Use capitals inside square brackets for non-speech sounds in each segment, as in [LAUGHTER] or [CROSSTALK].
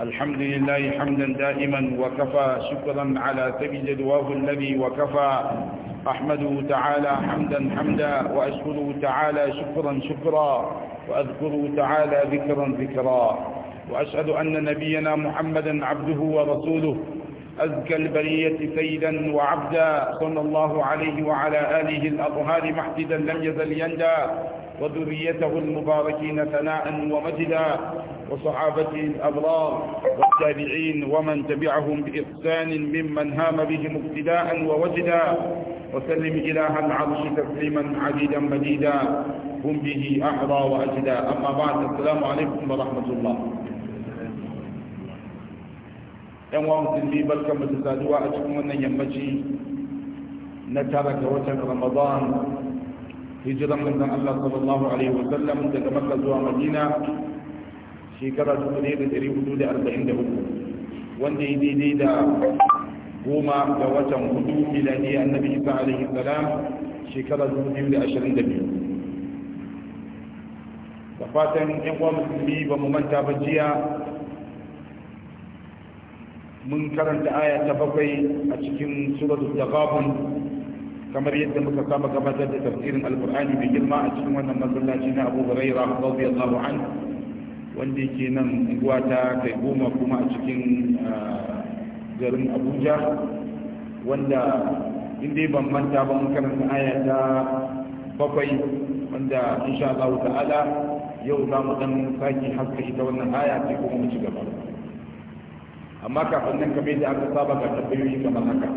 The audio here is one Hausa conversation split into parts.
الحمد لله حمدا دائما وكفى شكرا على سبي جدواه الذي وكفى أحمده تعالى حمدا حمدا وأشكره تعالى شكرا شكرا وأذكره تعالى ذكرا ذكرا وأشهد أن نبينا محمدا عبده ورسوله أزكى البرية سيدا وعبدا صلى الله عليه وعلى آله الأطهار محددا لم يزل يندى وذريته المباركين ثناء ومجدا وصحابته الأبرار والتابعين ومن تبعهم بإحسان ممن هام بهم ابتداء ووجدا وسلم إله العرش تسليما عديدا مديدا هم به أحرى وأجدا أما بعد السلام عليكم ورحمة الله ‘yan wa musulmi barkan mu da saduwa a cikin wannan yammaci na watan ramadan hijiran manzon Allah sallallahu alaihi wa sallam daga Makka zuwa Madina shekara 1443 wanda ya daidai da goma ga watan hudu miladiya annabi Isa alaihi salam shekara 2022 da fatan yan uwa musulmi ba mu manta ba jiya mun karanta aya ta bakwai a cikin suratul taghabun kamar yadda muka saba gabatar da tafsirin alkur'ani mai girma a cikin wannan masallaci na abu huraira radiyallahu an wanda yake nan unguwa ta kai goma kuma a cikin ah, garin abuja wanda inda ban manta ba mun karanta aya ta bakwai wanda insha Allah ta'ala yau za mu dan saki haska ita wannan aya sai kuma mu ci gaba amma kafin nan kamar da aka saba ga tambayoyi kamar haka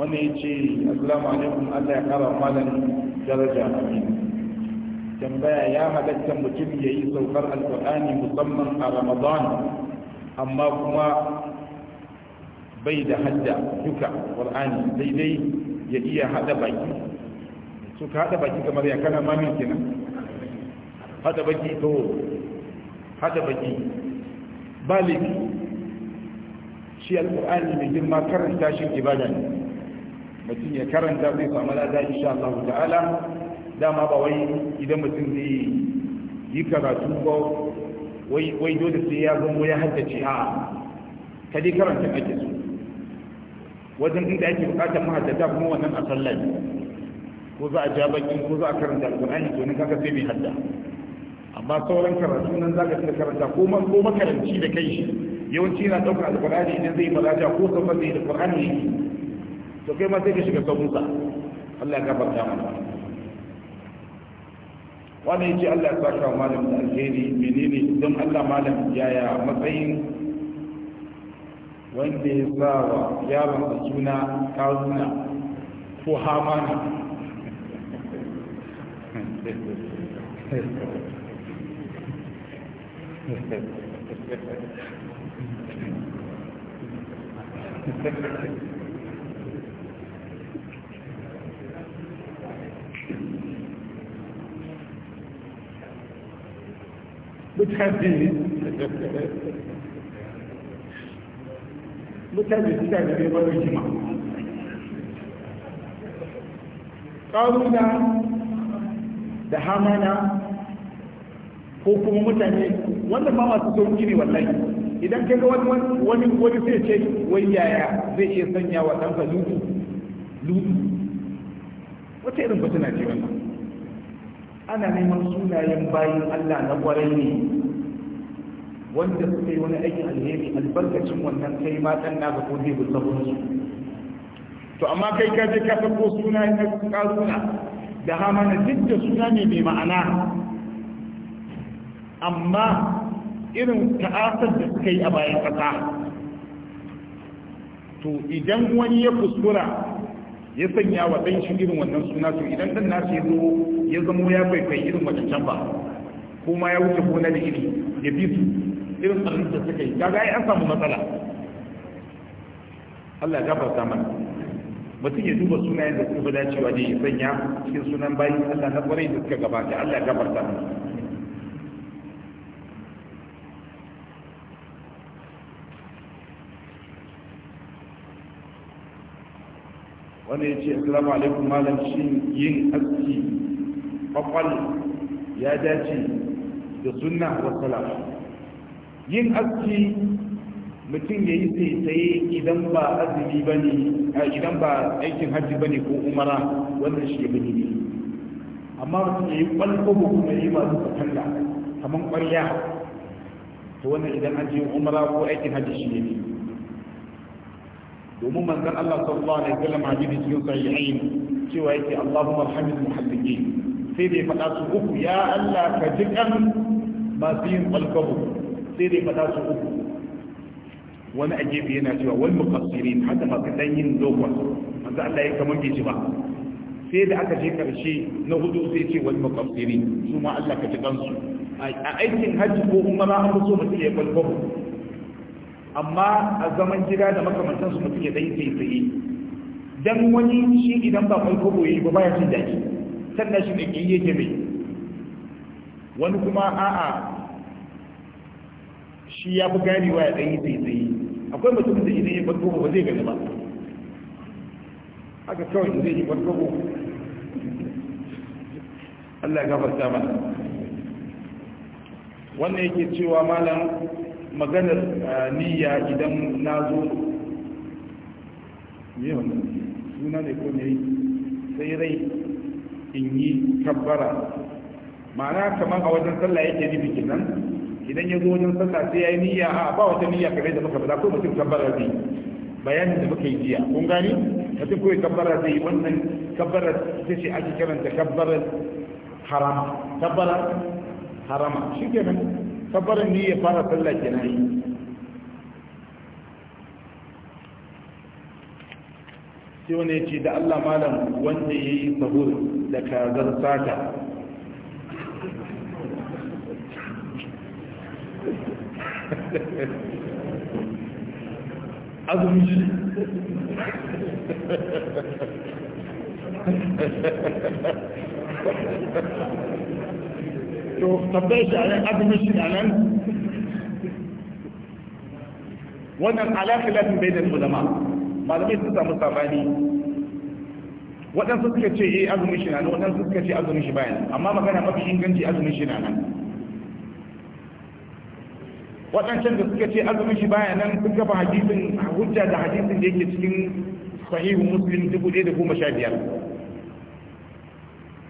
Wani ya ce assalamu alaikum allah ya kara malam daraja amin tambaya ya halatta mutum ya yi saukar Alƙur'ani musamman a ramadan amma kuma bai da hadda duka qur'ani daidai ya iya hada baki su ka hada baki kamar ya kana mamin kenan hada baki to hada baki Balik shi Alƙur'ani mai girma karanta shi ibada ne mutum ya karanta zai samu lada insha Allah ta'ala dama ba wai idan mutum zai yi karatu ba wai wai dole sai ya zama ya haddace a ka dai karanta ake so wajen inda ake bukatar mahaddata kuma wannan a sallah ko za a ja baki ko za a karanta alqur'ani to ne kaga sai bai hadda amma sauran karatu nan za ka cika karanta ko makaranci da kai shi yawanci yana ɗaukar alƙur'ani idan zai balaja ko sabon da alƙur'ani to kai ma sai ka shiga sabunsa Allah ya gafarta mana wani ya ce Allah ya saka malam da alheri menene don Allah malam yaya matsayin wanda ya sa wa yaron da suna kazuna ko hamana Thank [LAUGHS] you. mutane mutane suna في neman rigima قالوا da دهامنا ko kuma mutane wanda ba masu sauki ne wallahi idan kai wani wani wani sai ce wai yaya zai iya sanya wa ɗansa lutu lutu wata irin fitina ce wannan ana neman sunayen bayan Allah na ƙwarai ne wanda suka yi wani aikin alheri albarkacin wannan kai ma dan naka ko da sabon su to amma kai ka je ka sako suna na karuna da na duk da suna ne mai ma'ana amma irin ta'asar da suka yi a bayan kasa to idan wani ya kuskura ya sanya wa ɗan shi irin wannan suna to idan ɗan nasu ya zo ya zama ya kwaikwayi irin wajen ba ko ya wuce gona da iri ya bi su irin tsarin da suka yi kaga yi an samu matsala Allah ya gafarta mana mutum ya duba sunayen da suka dacewa da ya sanya cikin sunan bayi Allah na kwarai da suka gabata Allah ya gafarta mana wani ya ce assalamu alaikum malam shi yin aski faqal ya dace da sunna wasala yin aski mutum ya yi tsaye idan ba azumi ba ne idan ba aikin hajji ba ne ko umara wannan shi ba ne amma mutum ya yi kwalkwabo kuma yi masu fatalla kamar ƙwarya ta wannan idan an je umara ko aikin hajji shi ne domin manzon Allah sallallahu alaihi wasallam hadisi cikin sahihain cewa yake Allahumma arhamil muhalliqin sai dai ya faɗa su uku ya Allah ka ji kan masu yin alkabu sai dai ya faɗa su uku wani a gefe yana cewa wani mukassirin haka masu ɗan yin dogon manzo Allah ya kamar ce ba sai da aka je karshe na hudu sai ce wani mukassirin su ma Allah ka ji kansu a aikin hajji ko umara an so mutum ya balbabu amma a zaman gida da makamantansu mutum ya yi tsaye dan wani shi idan ba kwalkwabo ya ba baya jin daɗi kan shi ne kin yake mai wani kuma a'a shi ya fi ganewa ya ɗanyi tsaitsaye akwai mutum da idan ya farko ba zai gani ba haka kawai zai yi farko Allah gafarta ba wannan yake cewa malam maganar niyya idan na zo suna ne ko ne sai rai in yi kabbara ma'ana kamar a wajen sallah yake nufi kenan idan ya zo wajen sallah sai ya yi niyya a ba wata niyya kamar da muka faɗa ko mutum kabbara zai bayanin da muka yi jiya kun gani mutum koyi kabbara zai wannan kabbara ita ce ake karanta kabbara harama kabbara harama shi kenan ni ya fara sallah kenan sai wani ya ce da Allah malam wanda ya yi sahur da kazar sata azumi shi to tabbai shi a nan azumin shi a nan wannan alaƙilafin bai da ulama malamai sun samu sabani waɗansu suka ce eh azumin shi na nan waɗansu suka ce azumin shi bayan amma magana mafi inganci azumin shi na nan waɗancan da suka ce azumin shi bayan nan sun kafa hadisin hujja da hadisin da yake cikin sahihu muslim dubu ɗaya da goma sha biyar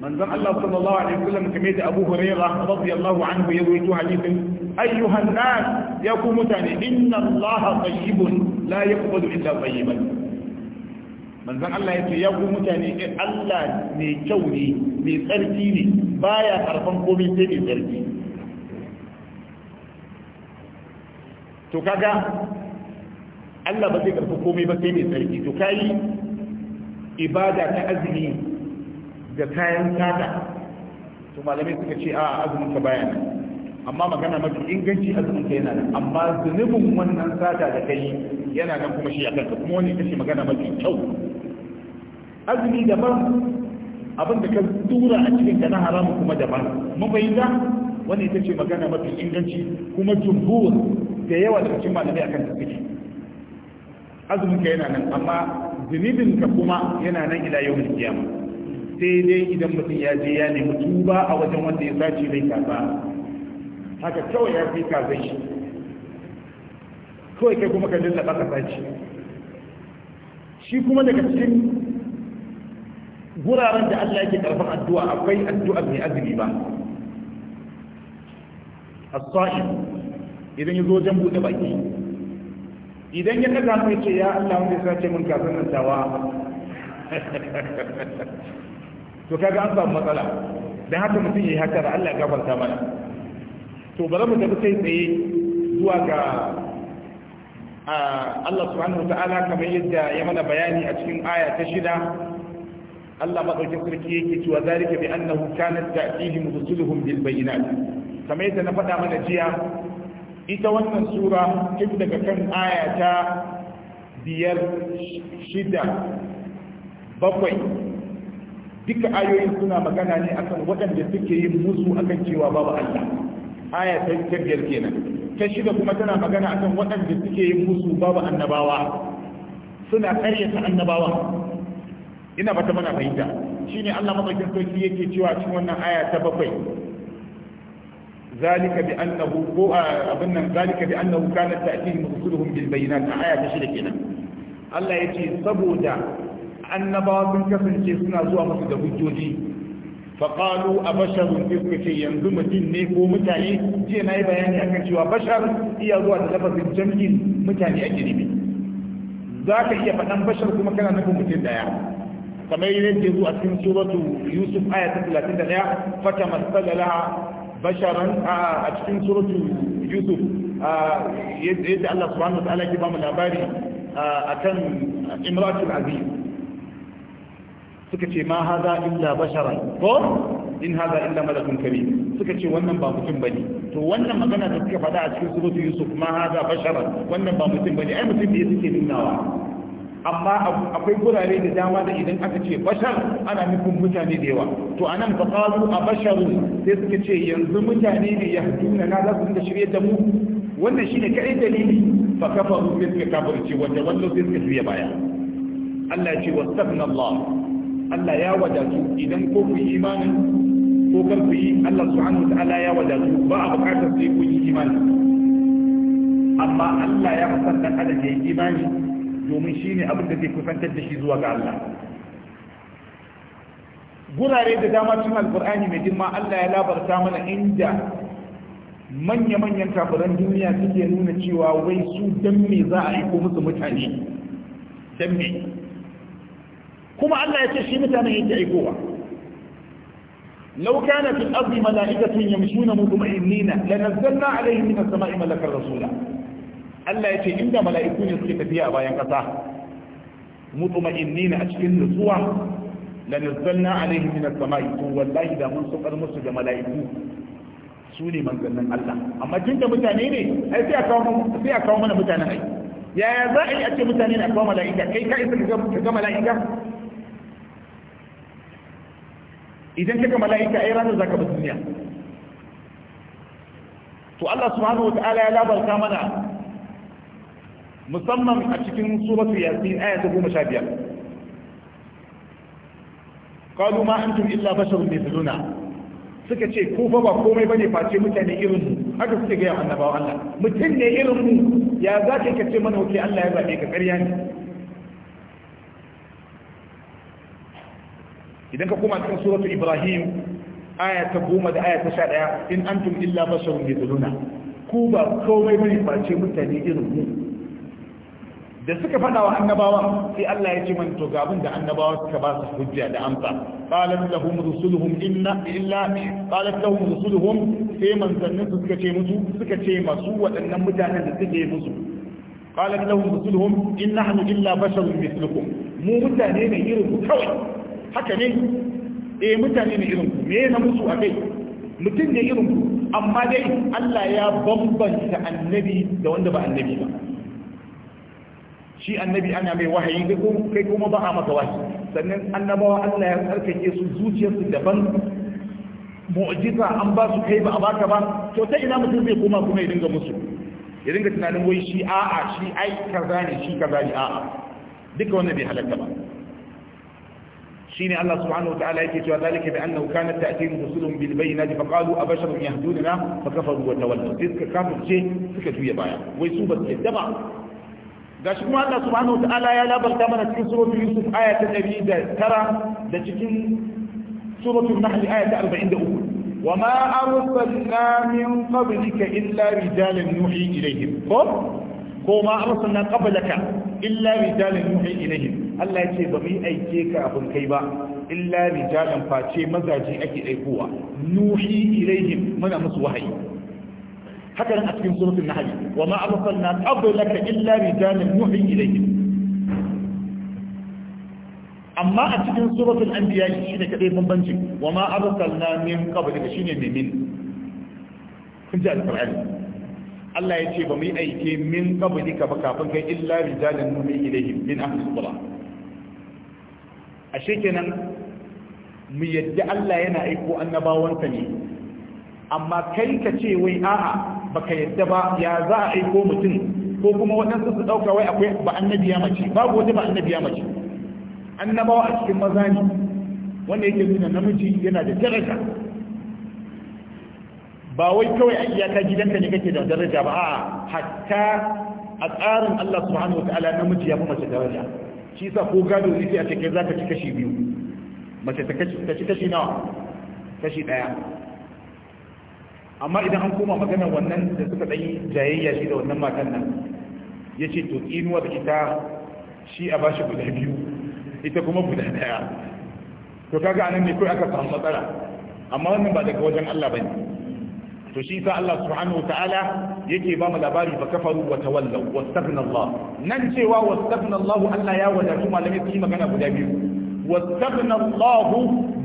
manzon Allah sallallahu alaihi wasallam kamar da Abu Hurairah radiyallahu anhu ya rawaito hadisin ayyuhan nas ya ku mutane inna Allah tayyibun la yaqbalu illa tayyiban manzon Allah ya ce ya ku mutane eh, Allah ne kyau ne mai tsarki ne baya karban komai sai mai tsarki to kaga Allah ba zai karfi komai ba sai mai tsarki to kai ibada ta azumi da kayan sada to malamai suka ce a azumin ka baya nan amma magana mafi inganci azumin ka yana nan amma zunubin wannan sada da kai yana nan kuma shi a kanka kuma wani kashi magana mafi kyau azumi daban abin da ka tura a cikin ka na haramu kuma daban mun fahimta wani ita ce magana mafi inganci kuma jumhur da yawa da cikin malamai akan ta suke azumin ka yana nan amma zunubin ka kuma yana nan ila yau kiyama sai dai idan mutum ya je ya nemi tuba a wajen wanda ya sace bai kaza haka kawai ya fi kaza shi kawai kai kuma ka lallaba ka sace shi kuma daga cikin guraren da Allah yake karfan addu'a akwai addu'a mai azumi ba as-sa'im idan yazo Jan bude baki idan ya kaga mai ce ya Allah wanda ya sace mun kafin nan tawa [LAUGHS] to kaga an samu matsala dan haka mutum yayi haka da Allah ya gafarta mana to bari mu tafi kai tsaye zuwa ga Allah subhanahu ta'ala kamar yadda ya mana bayani a cikin aya ta shida Allah madaukin sarki yake cewa zalika bi annahu kanat ta'tihim rusuluhum bil bayyinat kamar yadda na faɗa mana jiya ita wannan sura tun daga kan aya ta biyar shida bakwai duka ayoyin suna magana ne akan waɗanda suke yin musu akan cewa babu Allah aya ta biyar kenan ta shida kuma tana magana a kan waɗanda suke yin musu babu annabawa suna karyata annabawa ina bata mana fahimta shine Allah madaukakin sarki yake cewa cikin wannan aya ta bakwai zalika bi annahu ko abin nan zalika bi annahu kanat ta'tihim rusuluhum bil bayinat aya ta shida kenan Allah ya ce saboda annabawa sun kasance suna zuwa musu da hujjoji faƙalu a basharun iska ce yanzu mutum ne ko mutane jiya na yi bayani a akan cewa bashar iya zuwa da lafazin jam'in mutane ake nufi za ka iya faɗan bashar kuma kana nufin mutum ɗaya kamar yadda ya zo a cikin suratu yusuf aya ta talatin da ɗaya fata masala laha basharan a cikin suratu yusuf yadda Allah subhanahu wa ta'ala ke ba mu labari akan imratul aziz suka ce ma haza illa basharan ko in haza illa malakun karim suka ce wannan ba mutum bane to wannan magana da suka faɗa a cikin surutu, yusuf ma haza basharan wannan ba mutum bane ai mutum ne suke nunawa amma akwai gurare da dama da idan aka ce bashar ana nufin mutane da yawa to anan fa qalu a basharu sai suka ce yanzu mutane ne ya haduna na za su dinga shirye da mu wannan shine kai dalili fa kafaru sai suka kafirce wanda wannan sai suka shirye baya Allah ya ce wastabna Allah Allah ya wadatu idan ko ku yi imanin ko kar ku yi Allah subhanahu ta'ala ya wadatu ba a bukatar sai ku yi imani amma Allah ya kusan dan adam ya yi imani domin shine abin da zai kusantar da shi zuwa ga Allah gurare da dama cikin alkur'ani mai girma Allah ya labarta mana inda manya-manyan kafiran duniya suke nuna cewa wai su dan me za a aiko musu mutane dan me كما Allah ya متى shi mutanen yake لو كان في الأرض ملائكة يمشون مطمئنين لنزلنا عليهم من السماء ملكا رسولا ألا يتي إن ملائكون يسكت فيها أبا ينقطع مطمئنين أشكل نسوة لنزلنا عليهم من السماء والله إذا من سقر مسجد ملائكون سوني من ذنن الله أما جنت متانيني أي في أكوام في أكوام متانيني يا زائل أتي متانيني أكوام ملائكة كي كم ملائكة idan kika mala'ika ai ranar zaka bi duniya to Allah subhanahu wata'ala ta'ala ya labarta mana musamman a cikin suratul yasin aya ta 15 qalu ma antum illa basharun mithluna suka ce ko fa ba komai bane face mutane irin mu haka suke ga annabawa Allah mutum ne irin mu ya zaka kace mana wuce Allah ya zabe ka ƙarya ne idan ka koma cikin suratu ibrahim aya ta goma da aya ta sha ɗaya in antum illa basharun mithluna ku ba komai bane ce mutane irin mu da suka faɗa wa annabawan sai Allah ya ce man to gabin da annabawa suka ba su hujja da amsa qalat lahum rusuluhum inna illa qalat lahum rusuluhum sai manzannin su suka ce musu suka ce masu waɗannan mutanen da suke musu qalat lahum rusuluhum in nahnu illa basharun mithlukum mu mutane ne irin ku kawai haka ne e mutane ne irin ku me na musu a kai mutum ne irin ku amma dai Allah ya bambanta annabi da wanda ba annabi ba shi annabi ana mai wahayi kai kuma ba a masa wahayi sannan annabawa Allah ya tsarkake su zuciyarsu daban mu'jiza an ba su kai ba a baka ba to ta ina mutum zai koma kuma ya dinga musu ya dinga tunanin wai shi a'a shi ai kaza ne shi kaza ne a'a duka wannan bai halatta ba shine Allah subhanahu wataala yake cewa zalika bi annahu kanat ta'tihim rusulun bil bayyinati fa qalu abasharun yahdununa fa kafaru wa tawallu sai suka kafirce suka juya baya wai su ba su yadda ba shi kuma Allah subhanahu wataala ya labarta mana cikin suratul yusuf aya ta 109 da cikin suratul nahl aya ta 43 وما أرسلنا من قبلك إلا رجالا نوحي إليهم كما أرسلنا قبلك إلا رجالا نوحي إليهم Allah ya ce ba mu yi aike ka abin kai ba illa rijalan face mazaje ake aikowa nuhi ilaihim muna musu wahayi haka nan a cikin surutun na hali, wa ma arsalna qablaka illa rijalan nuhi ilaihim amma a cikin suratul anbiya ne kadai bambanci wa ma arsalna min qablika shine ne min kun ji alqur'ani Allah ya ce ba mu yi aike min qablika ba kafin kai illa rijalan nuhi ilaihim min ahli qura ashe kenan mu yadda Allah yana aiko annabawansa ne amma kai ka ce wai a'a baka yadda ba ya za a aiko mutum ko kuma waɗansu su ɗauka wai akwai ba annabiya mace babu wata ba annabiya mace annabawa a cikin maza ne wanda yake nuna namiji yana da daraja ba wai kawai a iyaka gidanka ne kake da daraja ba a'a hatta a tsarin Allah subhanahu wa ta'ala namiji ya fi mace daraja shi sa ko gado ne sai a cikin za ka ci kashi biyu mace ta ci kashi nawa kashi ɗaya amma idan an koma magana wannan da suka ɗanyi jayayya shi da wannan matan nan ya ce to da ita shi a bashi guda biyu ita kuma guda ɗaya to kaga anan ne kawai aka samu matsala amma wannan ba daga wajen Allah bane to shi sa Allah subhanahu wa ta'ala yake ba mu labari ba kafaru wa tawallaw wastaghna Allah nan cewa wastaghna Allah Allah ya wadatu malami su yi magana guda biyu wastaghna Allah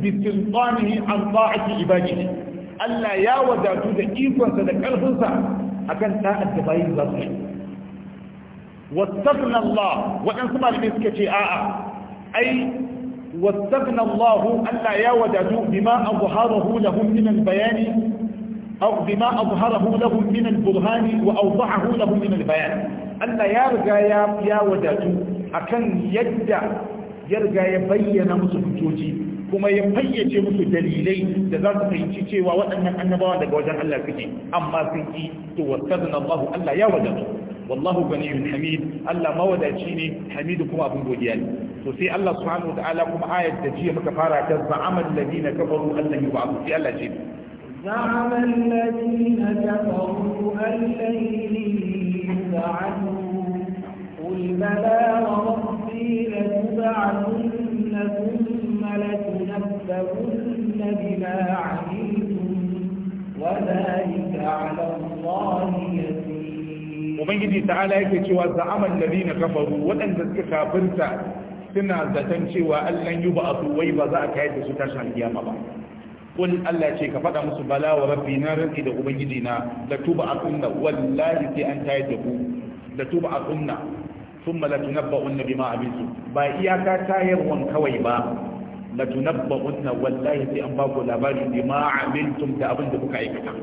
bi sultanihi an ta'ati ibadihi Allah ya wadatu da ikonsa da karfinsa akan ta'at da bayin za su yi wastaghna Allah waɗansu malami suka ce a'a ai Allah Allah واستغنى الله ألا يودد بما أظهره لهم من bayani. أو بما أظهره لهم من البرهان وأوضحه لهم من البيان أن يا رجايا يا وداتو أكن يدع يرجع يبين مسفتوجي kuma ya fayyace musu dalilai da za su fahimci cewa waɗannan annabawa daga wajen Allah suke amma sun ki to wasarna Allah Allah ya wadatu wallahu ganiyun hamid Allah mawadaci ne hamid kuma abin godiya ne sai Allah subhanahu wa ta'ala kuma ayat da jiya muka fara ta za'amal زعم الذين كفروا أن لن يبعثوا قل بلى وربي لتبعثن ثم لتنبؤن بما عملتم وذلك على الله يسير وبنجي تعالى yake cewa za'aman ladina kafaru waɗanda suka kafirta suna zaton cewa Allah yuba asu wai ba za a kai da su tashin alkiyama ba kul Allah ce ka faɗa musu bala wa rabbi na rantsi da ubangiji na la tuba akunna wallahi sai an tayar da ku la tuba akunna thumma la tunabba'unna bima abisu ba iyaka tayarwan kawai ba la tunabba'unna wallahi sai an ba ku labari bima amiltum da abin da kuka aikata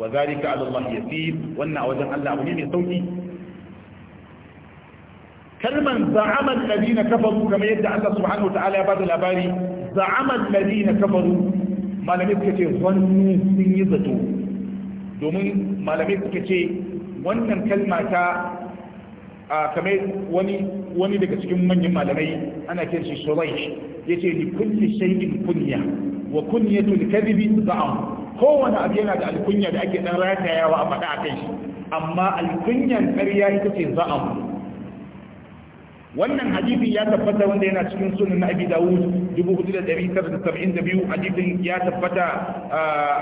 wa zalika ala Allah yasir wannan a wajen Allah abu ne mai sauki kalman za'ama alladhina kafaru kamar yadda Allah subhanahu wa ta'ala ya bada labari za'ama alladhina kafaru malamai suka ce zannu sun yi zato domin malamai suka ce wannan kalma ta a kamar wani wani daga cikin manyan malamai ana kiran shi suraish yace li kulli shay'in kunya wa kunyatu al-kadhibi za'am kowane abu yana da alkunya da ake dan ratayawa a faɗa a kai shi amma alkunyan ƙarya ita ce za'am wannan hadisin ya tabbata wanda yana cikin sunan abi dawud 4972 hadisin ya tabbata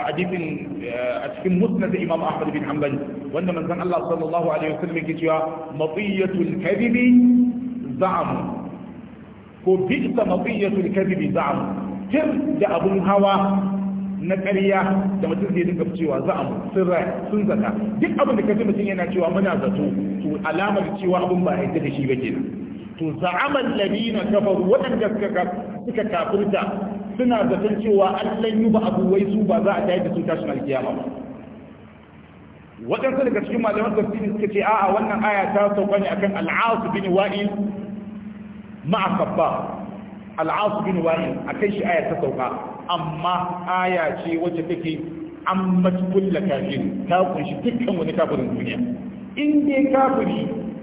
hadisin eh, a cikin musnad imam ahmad bin hanbal wanda manzon Allah sallallahu alaihi wasallam yake cewa matiyatul kadhibi za'am ko bi'sa matiyatul kadhibi za'am tir da abun hawa na ƙarya da mutum zai dinga cewa za a sirra sun zata duk abin da kaji mutum yana cewa muna zato to alamar cewa abin ba a yadda da shi ba kenan to za'aman ladina kafaru waɗanda suka kafirta suna zaton cewa Allah yi ba abuwai su ba za a tayi da su tashin alkiyama ba Wadansu daga cikin malaman tafsiri suka ce a'a wannan aya ta sauka ne akan al'asu bin wa'il ma'a kabba al'asu bin wa'il akan shi aya ta sauka amma aya ce wacce take an matkulla kafiri ta kunshi dukkan wani kafirin duniya in dai kafiri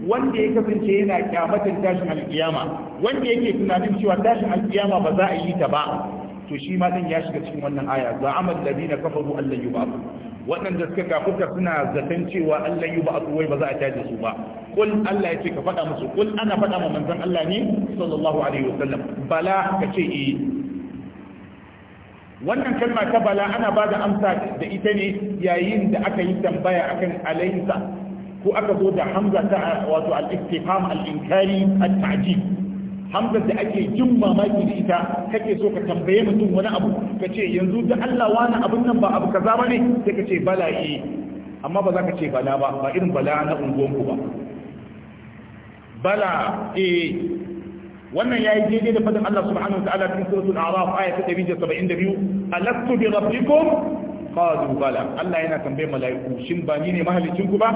wanda ya kasance yana kyamatin tashin alkiyama wanda yake tunanin cewa tashin alkiyama ba za a yi ta ba to shi ma din ya shiga cikin wannan aya za amal ladina kafaru allan yub'ath waɗanda suka kafuka suna zaton cewa an yi ba wai ba za a caje su ba kul Allah ya ce ka faɗa musu kul ana faɗa ma manzon Allah ne sallallahu alaihi wasallam bala ka ce eh wannan kalma ta bala ana ba da amsa da ita ne yayin da aka yi tambaya akan alaysa ko aka zo da hamza ta wato al-istifham al-inkari at-ta'jib hamza da ake jin mamaki da ita kake so ka tambaye mutum wani abu ka ce yanzu da Allah wani abun nan ba abu kaza bane sai ka ce bala eh amma ba za ka ce bala ba ba irin bala na unguwanku ba bala eh wannan yayi daidai da fadin Allah subhanahu wa ta'ala cikin suratul a'raf aya ta 172 alastu bi rabbikum qalu bala Allah yana tambaye mala'iku shin ba ni ne mahallicin ku ba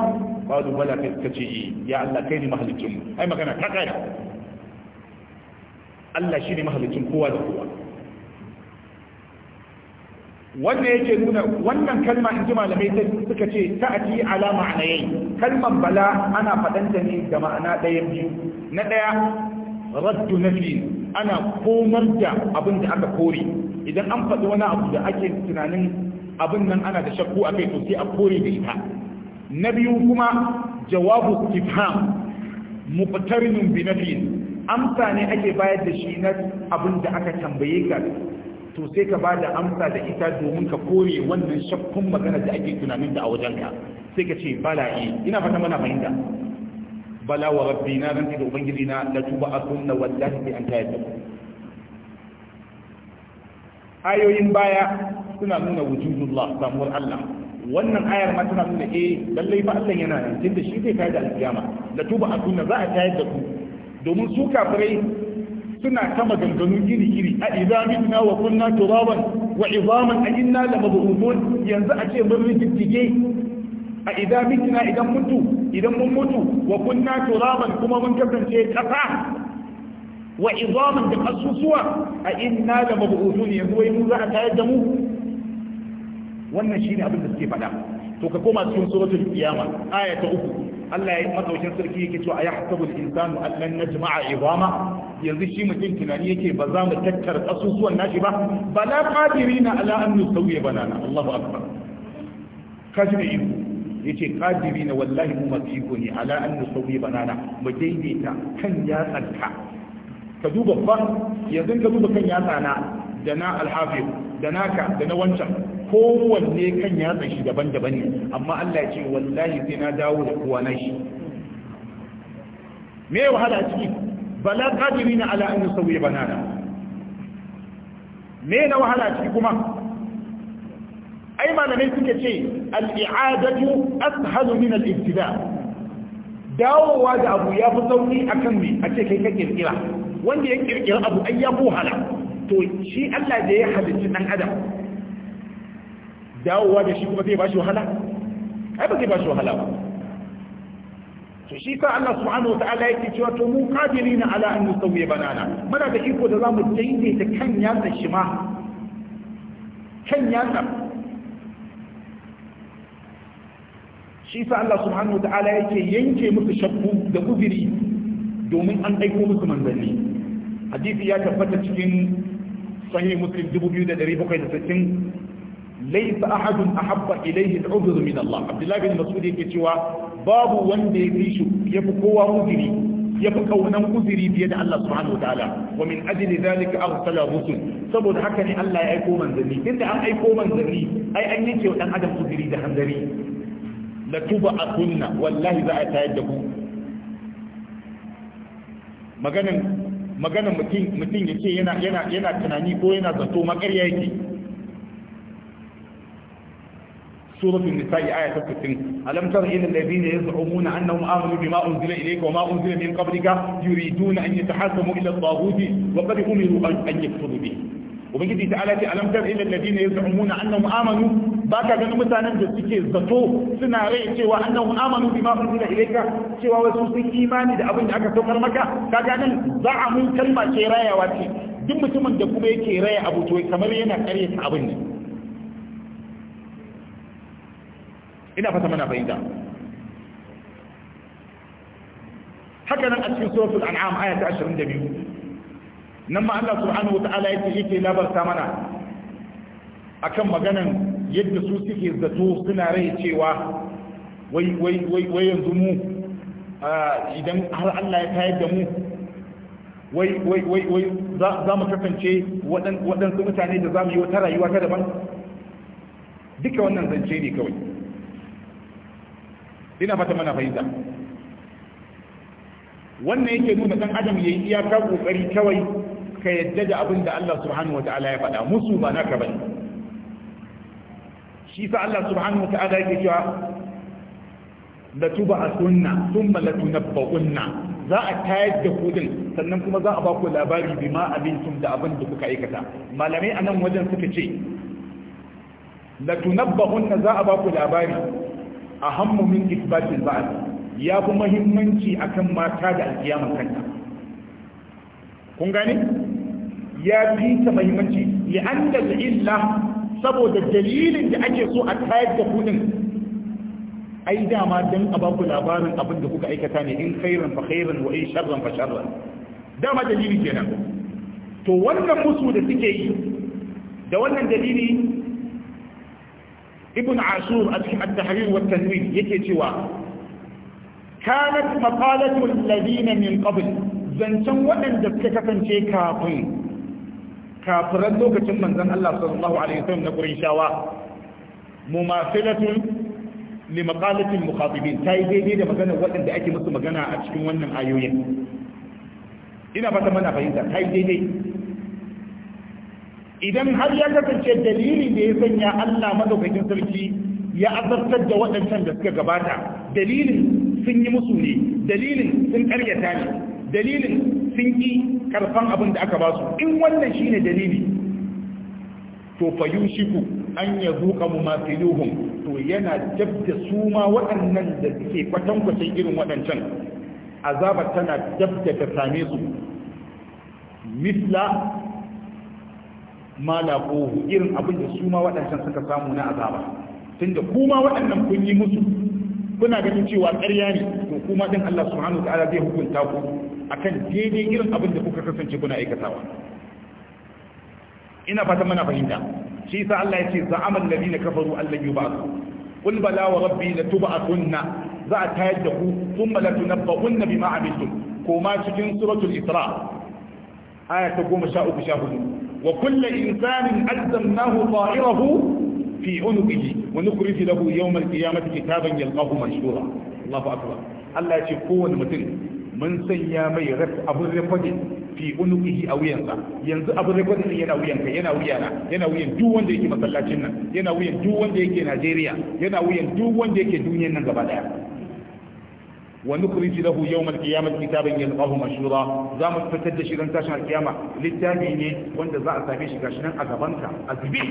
qalu bala kai kace eh, ya Allah kai ne mahallicin mu ai magana ka kai Allah shine mahallicin kowa da kowa wanda yake nuna wannan kalma in ji malamai suka ce ta'ati ala ma'anayi kalmar bala ana ta ne da ma'ana ɗaya biyu na ɗaya raddu nafi ana komar da abin da aka kore idan an faɗi wani abu da ake tunanin abin nan ana da shakku a kai to sai a kore da ita na biyu kuma jawabu istifham muqtarinun bi nafiyin amsa ne ake bayar da shi na abin da aka tambaye ka to sai ka ba da amsa da ita domin ka kore wannan shakkun magana da ake tunanin da a ka? sai ka ce bala'i ina fata mana fahimta bala wa rabbi na ranci da ubangiji na la tuba asunna wallahi sai an tayar da ayoyin baya suna nuna wujudullah samuwar Allah wannan ayar ma tana nuna eh lallai fa Allah yana nan tunda shi zai kai da alkiyama la tuba akuna za a tayar da ku domin su kafirai suna ta maganganu iri-iri a idamina wa kunna turaban wa izaman a inna da mabu'ufun yanzu a ce mun rijijjige a idamina idan mutu idan mun mutu wa kunna turaban kuma mun kasance kasa wa izaman da kasusuwa a inna da mabu'ufun yanzu wai mu za a tayar da mu wannan shine abin da suke faɗa to ka koma cikin suratul qiyama aya ta uku Allah ya madaukin sarki yake cewa ayahsabul insanu an lan najma'a idama yanzu shi mutum tunani yake ba za mu tattara kasusuwan nashi ba bala qadirina ala an nusawiya banana Allahu akbar kashi da iko yace qadirina wallahi mu mafiko ne ala an nusawiya banana mu daidaita kan yatsanka ka duba fa yanzu ka duba kan yatsana da na alhafiz da naka da na wancan kowanne kan yatsa shi daban-daban ne amma Allah ya ce wallahi sai na dawo da kowa na shi me wahala ciki bala na ala an yusawi banana me na wahala ciki kuma ai malamai suka ce al-i'adatu ashalu min al-ibtida dawowa da abu ya fi sauri akan me a ce kai ka kirkira wanda ya kirkira abu ai ya fi wahala to shi Allah da ya halitta dan adam dawowa da shi kuma zai ba shi wahala ai ba zai ba shi wahala ba to shi sa Allah subhanahu wa ta'ala yake cewa to mu qadirina ala an nusawwi banana muna da iko da zamu daidaita kan yatsa shi ma kan yatsa shi sa Allah subhanahu wata'ala yake yanke musu shakku da kufiri domin an aiko musu manzanni hadisi ya tabbata cikin sahih muslim 2760 laysa ahadun ahabba ilayhi al'udhr min Allah Abdullah bin Mas'ud yake cewa babu wanda ya fi shi yafi kowa uzuri yafi kaunan uzuri fiye da Allah subhanahu wa ta'ala wa min ajli zalika arsala rusul saboda haka ne Allah ya aiko manzanni inda an aiko manzanni ai an yanke wa dan adam uzuri da hanzari la tuba akunna wallahi za a tayar da ku maganan maganan mutum mutum ya ce yana tunani ko yana zato makarya yake suratul nisa'i ayat 60 alam tara ila alladhina yaz'umuna annahum amanu bima unzila ilayka wama unzila min qablika yuriduna an yatahakamu ila at-taghut wa qad umiru an yakfuru bihi ubangiji ta alati alam tar ila alladina yaz'umuna annahum amanu ka ganin mutanen da suke zato suna rai cewa annahum amanu bima unzila ilayka cewa wasu sun imani da abin da aka saukar maka kaga nan za'amu kalma ce rayawa ce duk mutumin da kuma yake raya abu to kamar yana karyata abin ne ina fata mana fahimta haka nan a cikin suratul an'am aya ta 22 nan ma Allah subhanahu ta'ala yake yake labarta mana akan maganan yadda su suke zato suna rai cewa wai wai wai wai yanzu mu idan har Allah ya tayar da mu wai wai wai wai za mu kasance waɗansu mutane da za mu yi wata rayuwa ta daban duka wannan zance ne kawai ina fata mana fahimta wannan yake nuna dan adam yayi iyaka kokari kawai ka yadda da abin da Allah subhanahu ta'ala ya faɗa musu ba naka bane shi sa Allah subhanahu wata'ala yake cewa la tub'athunna thumma la tunabba'unna za a tayar da kudin sannan kuma za a ba ku labari bima abintum da abin da kuka aikata malamai anan wajen suka ce la tunabba'unna za a ba ku labari ahammu min isbatil ba'd ya fi muhimmanci akan mata da alkiyamar kanta kun gane ya fi ta muhimmanci li'anda illa saboda dalilin da ake so a tayar da kudin ai dama dan a ba ku labarin abin da kuka aikata ne in khairan fa khairan wa in sharran fa sharran dama dalili kenan to wannan musu da suke yi da wannan dalili ibn ashur a cikin at-tahrir wa tanwin yake cewa kanat maqalatu alladhina min qabl zancan waɗanda suka kasance kafin kafiran lokacin manzan Allah sallallahu alaihi wasallam na Qurayshawa mumafilatun li maqalatil mukhatibin yi daidai da maganar waɗanda ake musu magana a cikin wannan ayoyin ina fata mana fahimta ta yi daidai idan har ya kasance dalili da ya sanya Allah madaukakin sarki ya azartar da waɗancan da suka gabata dalilin sun yi musu ne dalilin sun karyata ne dalilin sun ki karfan abin da aka basu in wannan shine dalili to fa yushiku an yazuqa mumathiluhum to yana dabda su ma waɗannan da suke kwatankwacin irin waɗancan azabar tana dabda ta same su misla irin abin da su ma waɗancan suka samu na azaba tunda kuma waɗannan kun yi musu kuna ganin cewa ƙarya ne kuma din Allah subhanahu wataala zai hukunta ku akan daidai irin abin da kuka kasance kuna aikatawa ina fatan mana fahimta shi yasa Allah ya ce za'ama alladhina kafaru allan yub'athu qul bala wa rabbi latub'athunna za a tayar da ku thumma latunabba'unna bima amiltum koma cikin suratul isra aya ta sha hudu. wa kullu insanin alzamnahu ta'irahu fi unuqihi wa nukhrij lahu yawm al-qiyamati kitaban yalqahu manshura Allahu akbar Allah ya ce kowanne mutum mun sanya mai abun rekodin fi unuqihi a wuyansa yanzu abun rekodin din yana wuyanka yana wuyana yana wuyan duk wanda yake masallacin nan yana wuyan duk wanda yake Najeriya yana wuyan duk wanda yake duniyar nan gaba daya fitar da shi القيامة tashin يلقاه منشورا زام فتد شيران تاشن القيامة للتابعين shi زاء سامي شكاشنا أغبانك أزبي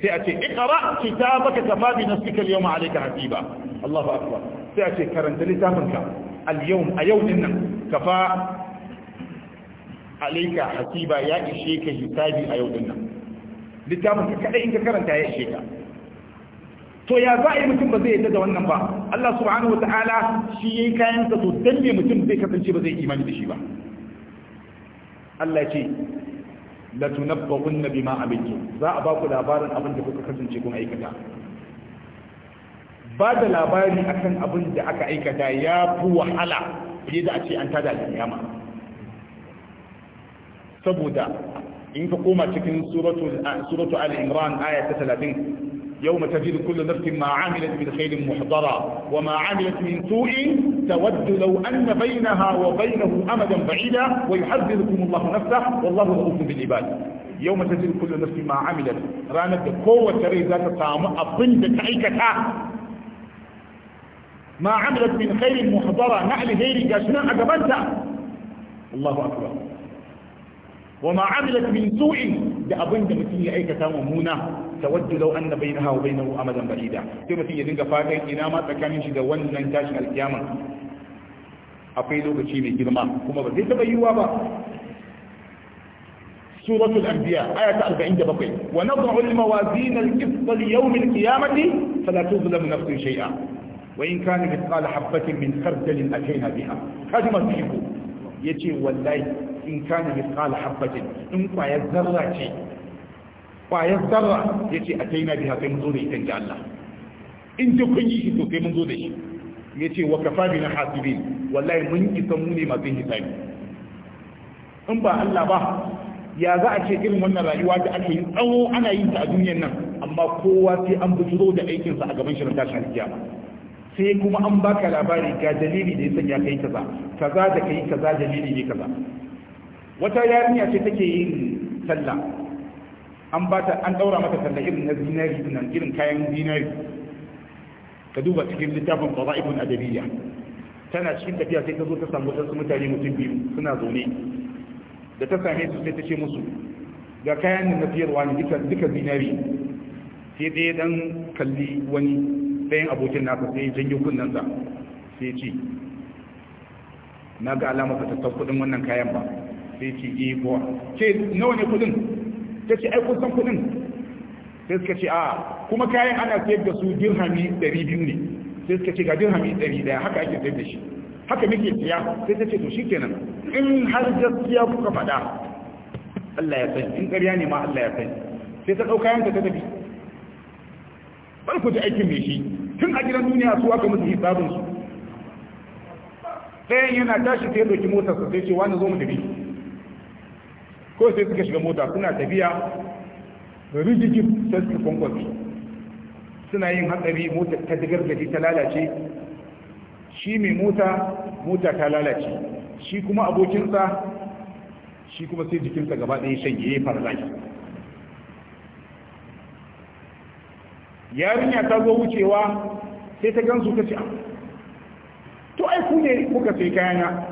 sai a ce ikra kitabaka kafa bi nafsika al-yawma alayka hasiba Allahu akbar sai a ce karanta littafinka al-yawm a yau din nan kafa alayka hasiba ya ishe ka hisabi a yau din nan littafin kadai in ka karanta ya ishe ka to ya za a yi mutum ba zai yadda da wannan ba Allah subhanahu wataala shi yayi kayan sa to dan me mutum zai kasance ba zai imani da shi ba Allah ce la tunabbahunna bima amintum za a ba ku labarin abin da kuka kasance kun aikata ba da labari akan abin da aka aikata ya fi wahala fiye da a ce an tada alƙiyama saboda in ka koma cikin suratu al-imran aya ta 30 yawma tajidu kullu nafsin ma 'amilat min khairin muhdara wa ma 'amilat min su'in تود لو أن بينها وبينه أمدا بعيدا ويحذركم الله نفسه والله رؤوف بالعباد يوم تزل كل نفس ما عملت رانت قوة ري ذات طعم أبند تعيكتها ما عملت من خير محضرة نعل هير جاشنا أجبنت الله أكبر وما عملت من سوء بأبند مثل أيكتها ممونة تود لو أن بينها وبينه أمدا بعيدا كما في يدنك فاتح إنامات كان يشد ونن تاشن الكيامة akwai lokaci mai girma kuma ba zai taba yiwa ba suratul anbiya aya ta 47 wa nad'u al-mawazin al-qist li yawm al-qiyamati fala tuzlamu nafsun shay'a wa in kana mithqala habatin min khardalin atayna biha kaji masu shigo yace wallahi in kana mithqala habatin in kwaya zarra ce kwaya zarra yace atayna biha kai mun zo da ita ga Allah in ji kun yi shi to kai mun zo da shi ya ce wa kafa bi na hasibin wallahi mun isa mu ne masu hisabi in ba Allah ba ya za a ce irin wannan rayuwa da ake yi tsawo ana yin ta a duniyar nan amma kowa sai an bujiro da aikinsa a gaban shirin tashin alkiyama sai kuma an baka labari ga dalili da ya sanya kai kaza kaza da kai kaza dalili ne kaza wata yarinya ce take yin sallah an ba ta an daura mata sallah irin na zinari nan irin kayan zinari ka duba cikin littafin fada'ibun adabiyya tana cikin tafiya sai ta zo ta samu wasu mutane mutum biyu suna zaune da ta same su sai ta ce musu ga kayan na fiyarwa ne duka zinari sai dai dan kalli wani ɗayan abokin nasa sai ya janyo kunnensa sai ce na ga alama ka tattar kudin wannan kayan ba sai ce yi eh, kuwa ce nawa ne kudin ta ce ai kun san kudin sai suka ce a ah, kuma kayan ana sayar da su dirhami 200 ne sai suka ce ga dirhami 100 haka ake sayar da shi haka muke siya sai ta ce to shi kenan in har gaskiya kuka faɗa Allah ya sani in ƙarya ne ma Allah ya sani sai ta ɗauka yanka ta tafi bar ku ji aikin mai shi tun a gidan duniya su aka musu hisabin su ɗayan yana tashi sai doki motar sai ce wani zo mu tafi ko sai suka shiga mota suna tafiya rijijin sai su suna yin hatsari mota ta digar da ta lalace shi mai mota mota ta lalace shi kuma abokinsa shi kuma sai jikinsa gaba ɗaya shanye ya yi yarinya ta zo wucewa sai ta gansu ta ce ah, to ai ku ne kuka sai kayana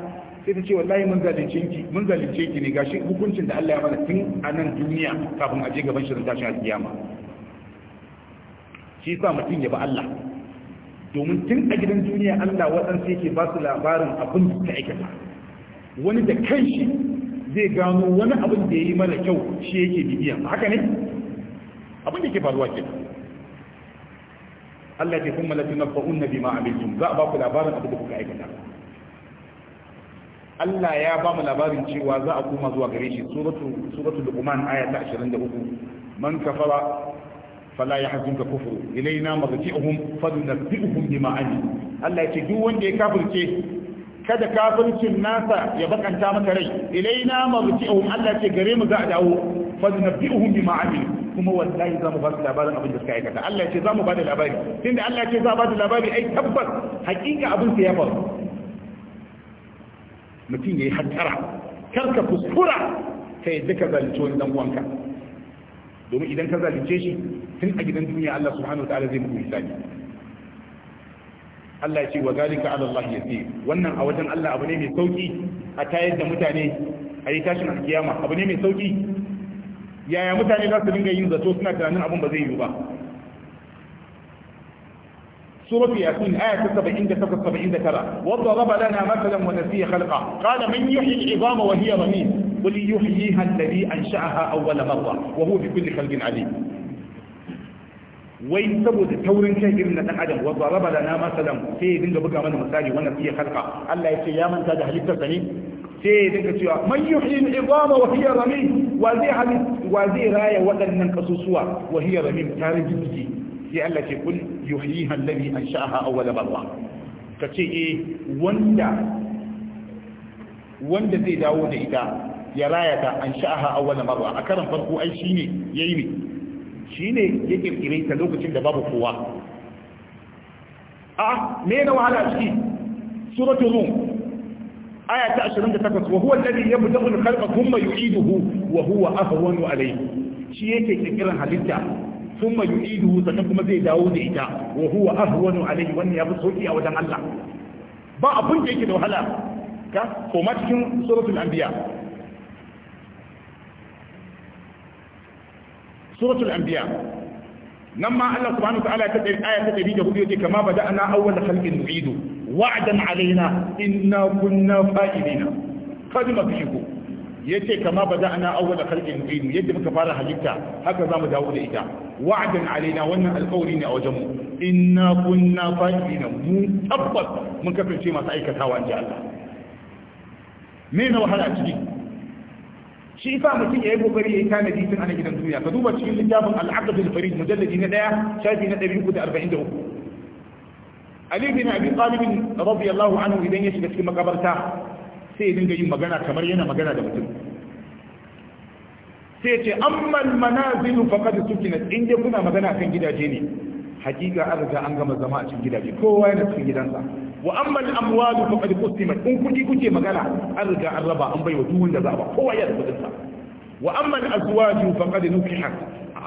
sai ta ce wallahi mun zalunce ki mun zalunce ki ne gashi hukuncin da Allah ya mana tun a nan duniya kafin a je gaban shirin tashin alkiyama shi sa mutum ya ba Allah domin tun a gidan duniya Allah waɗansu yake ba su labarin abin da ta aikata wani da kanshi zai gano wani abin da ya yi mara kyau shi yake bibiya haka ne abin da ke faruwa ke Allah ke kuma lafi nabba'un na bima abin za a ba ku labarin abin da kuka aikata Allah ya ba mu labarin cewa za a koma zuwa gare shi suratu suratu luqman aya ta 23 man kafara fala yahzunka kufru ilaina marji'uhum fadunabbi'uhum bima amilu Allah ya ce duk wanda ya kafirce kada kafircin nasa ya bakanta maka rai ilaina marji'uhum Allah ya ce gare mu za a dawo fadunabbi'uhum bima amilu kuma wallahi za mu ba su labarin abin da suka aikata Allah ya ce za mu ba da labari tunda Allah ya ce za ba da labari ai tabbas hakika abin sa ya faru mutum ya yi hattara kar ka kuskura ka yadda ka zalunci wani dan uwanka domin idan ka zalunce shi tun a gidan duniya Allah subhanahu wa ta'ala zai muku hisabi Allah ya ce wa zalika ala Allah yasir wannan a wajen Allah abu ne mai sauki a tayar da mutane a yi tashin alkiyama abu ne mai sauki yaya mutane za su dinga yin zato suna tunanin abun ba zai yiwu ba سورة ياسين آية 78 79 وضرب لنا مثلا ونسي خلقه قال من يحيي العظام وهي رميم قل الذي أنشأها أول مرة وهو بكل خلق عليم wai saboda taurin kai irin na dan adam wa zaraba lana masalan sai ya dinga buga mana misali wannan fiye halka Allah ya ce ya manta da halittar sa ne sai ya dinga cewa man yuhyi al-idama wa hiya ramim raya waɗannan kasusuwa wa hiya sai Allah ce kul yuhyiha alladhi ansha'aha awwala marra kace eh wanda wanda zai dawo da ita ya raya ta ansha'aha awwala marra a karan farko ai shine yayi ne shine ya kirkire ta lokacin da babu kowa a me na wahala ciki suratul rum aya ta 28 wa huwa alladhi yabda'u al-khalqa thumma yu'iduhu wa huwa ahwanu alayhi shi yake kirkiran halitta Sun thumma yu'iduhu sannan kuma zai dawo da ita wa huwa ahwanu alayhi wannan yafi sauki a wajen Allah ba abun da yake da wahala ka koma cikin suratul anbiya suratul anbiya nan ma Allah subhanahu wataala ta tsari aya ta tsari da hudu yake kama bada ana awwal khalqin nu'idu wa'dan alaina inna kunna fa'ilina qad mafiku yace kama ba bada ana awwala khalqin nu'idu yadda muka fara halitta haka zamu dawo da ita wa'dan alaina wannan alƙawari ne a wajen mu inna kunna fa'ilina mu tabbas mun kasance masu aikatawa inji Allah me na wahala a ciki shi isa mutum ya yi kokari ya yi tanadi tun ana gidan duniya ka duba cikin littafin al'aqdul farid mujalladi na daya shafi na 343 Ali bin Abi Talib radiyallahu anhu idan ya shiga cikin makabarta sai dinga yin magana kamar yana magana da mutum sai ce amma manazilu faqad sukina in dai kuna magana kan gidaje ne hakika an riga an gama zama a cikin gidaje kowa yana cikin gidansa wa ammal amwalu faqad qustimat in kuɗi kuke magana an riga an raba an baiwa duk wanda za a ba kowa yana kuɗin sa wa amma azwaju faqad nukihat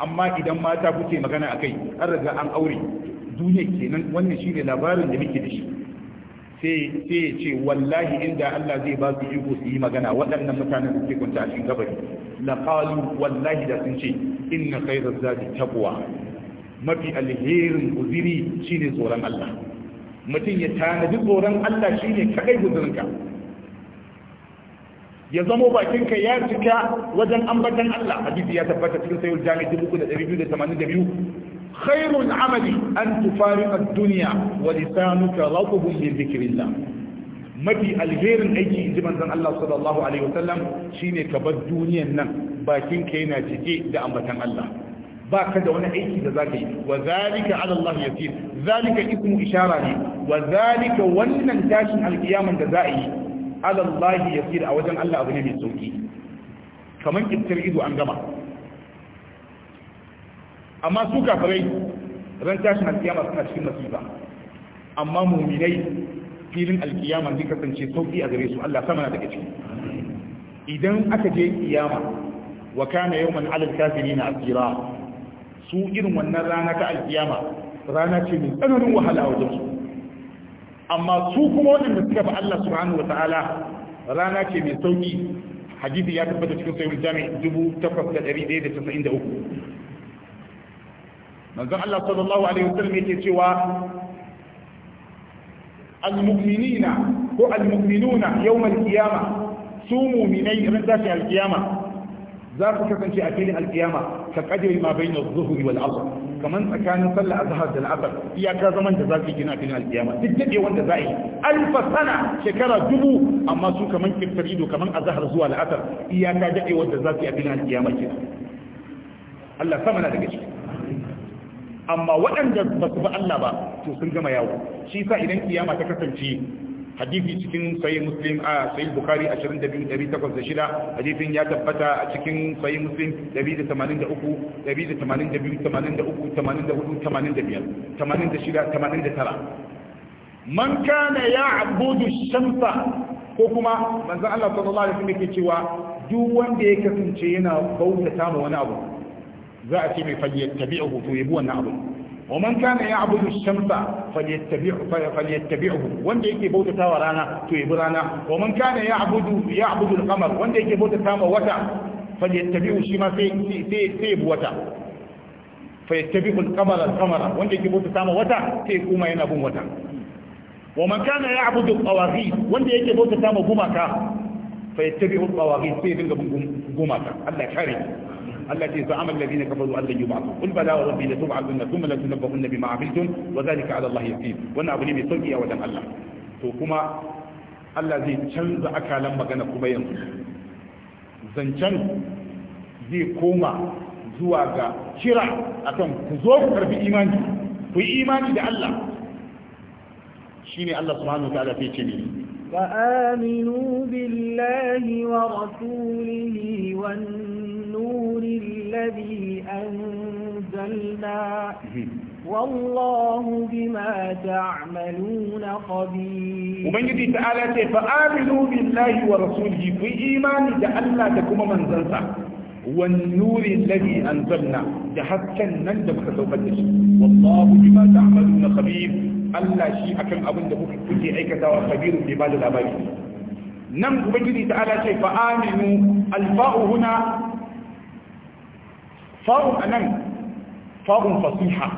amma idan mata kuke magana akai an riga an aure duniya kenan wannan shine labarin da muke da shi sai ya ce wallahi inda Allah zai ba su iko su yi magana waɗannan mutanen da suke kwanta a cikin gabari laqalu wallahi da sun ce inna khayra zati taqwa mafi alherin uziri shine tsoron Allah mutum ya tanadi tsoron Allah shine kai guzurinka ya zamo bakinka ya cika wajen ambatan Allah hadisi ya tabbata cikin sayul jami 3282 khairun amali an tufari a duniya wa lisanuka raqubun li dhikrillah mafi alherin aiki in ji manzon Allah sallallahu alaihi wasallam shine ka bar duniya nan bakin ka yana cike da ambatan Allah ba ka da wani aiki da zaka yi wa zalika ala Allah yasir zalika ismu ishara ne wa zalika wannan tashin alkiyaman da za a yi ala Allah yasir a wajen Allah abu ne mai sauki kaman kittar ido an gama amma su kafirai ran tashin alkiyama suna cikin masifa amma muminai filin alkiyama zai kasance sauki a gare su Allah sama na daga ciki idan aka je kiyama wa kana yawman alal kafirin asira su irin wannan rana ta alkiyama rana ce mai tsananin wahala a wajen su amma su kuma waɗanda suka ba Allah subhanahu wa ta'ala rana ce mai sauki hadisi ya tabbata cikin sahih jami' 8193 manzon Allah sallallahu alaihi wasallam yake cewa almu'minina ko almu'minuna yawm alqiyama su mu'minai ran tashi alqiyama za ku kasance a filin alqiyama ka kadiri ma bayna adh-dhuhri wal 'asr kaman tsakanin sallar azhar da al'asr iyaka zaman da za ku gina filin alqiyama duk dade wanda za yi alfa sana shekara dubu amma su kaman kirtar ido kaman azhar zuwa al'asr iyaka dade wanda za su yi a filin alqiyama kenan Allah sama na daga ciki amma waɗanda ba su ba Allah ba to sun gama yawo shi sa idan kiyama ta kasance hadisi cikin sahih muslim a sahih bukhari 22806 hadisin ya tabbata a cikin sahih muslim 283 man kana ya'budu shamsa ko kuma manzon Allah sallallahu alaihi wasallam yake cewa duk wanda ya kasance yana bautata ma wani abu za a ce mai falyattabi'uhu to yabi wannan abu wa man kana ya'budu ash-shamsa falyattabi'u falyattabi'uhu wanda yake bauta tawa rana to yabi rana wa man kana ya'budu ya'budu al-qamar wanda yake bautata ma wata falyattabi'u shi ma sai sai sai yabi wata falyattabi'u al-qamara al-qamara wanda yake bautata ma wata sai kuma yana bin wata wa man kana ya'budu al-qawaghit wanda yake bautata ma gumaka falyattabi'u al-qawaghit sai dinga bin gumaka Allah kare Allah ce fa amal ladina kafaru an yub'athu qul bala wa rabbi latub'athunna thumma latunabbahunna bima amiltum wa dhalika ala Allah yasir wannan abu ne mai sauki a wajen Allah to kuma Allah zai canza akalan magana kuma yanzu zancen zai koma zuwa ga kira akan ku zo ku karbi imani ku yi imani da Allah shine Allah subhanahu wa ce فآمنوا بالله ورسوله والنور الذي أنزلنا والله بما تعملون خبير يدي تعالى فآمنوا بالله ورسوله في إيمان جعلنا تكون من زنسا والنور الذي أنزلنا جهتك نندم كسوف والله بما تعملون خبير Allah shi akan abin da kuke aikatawa kabiru bai ba da labari nan ubangiji ala ce fa aminu alfa'u huna fa'u anan fau fasiha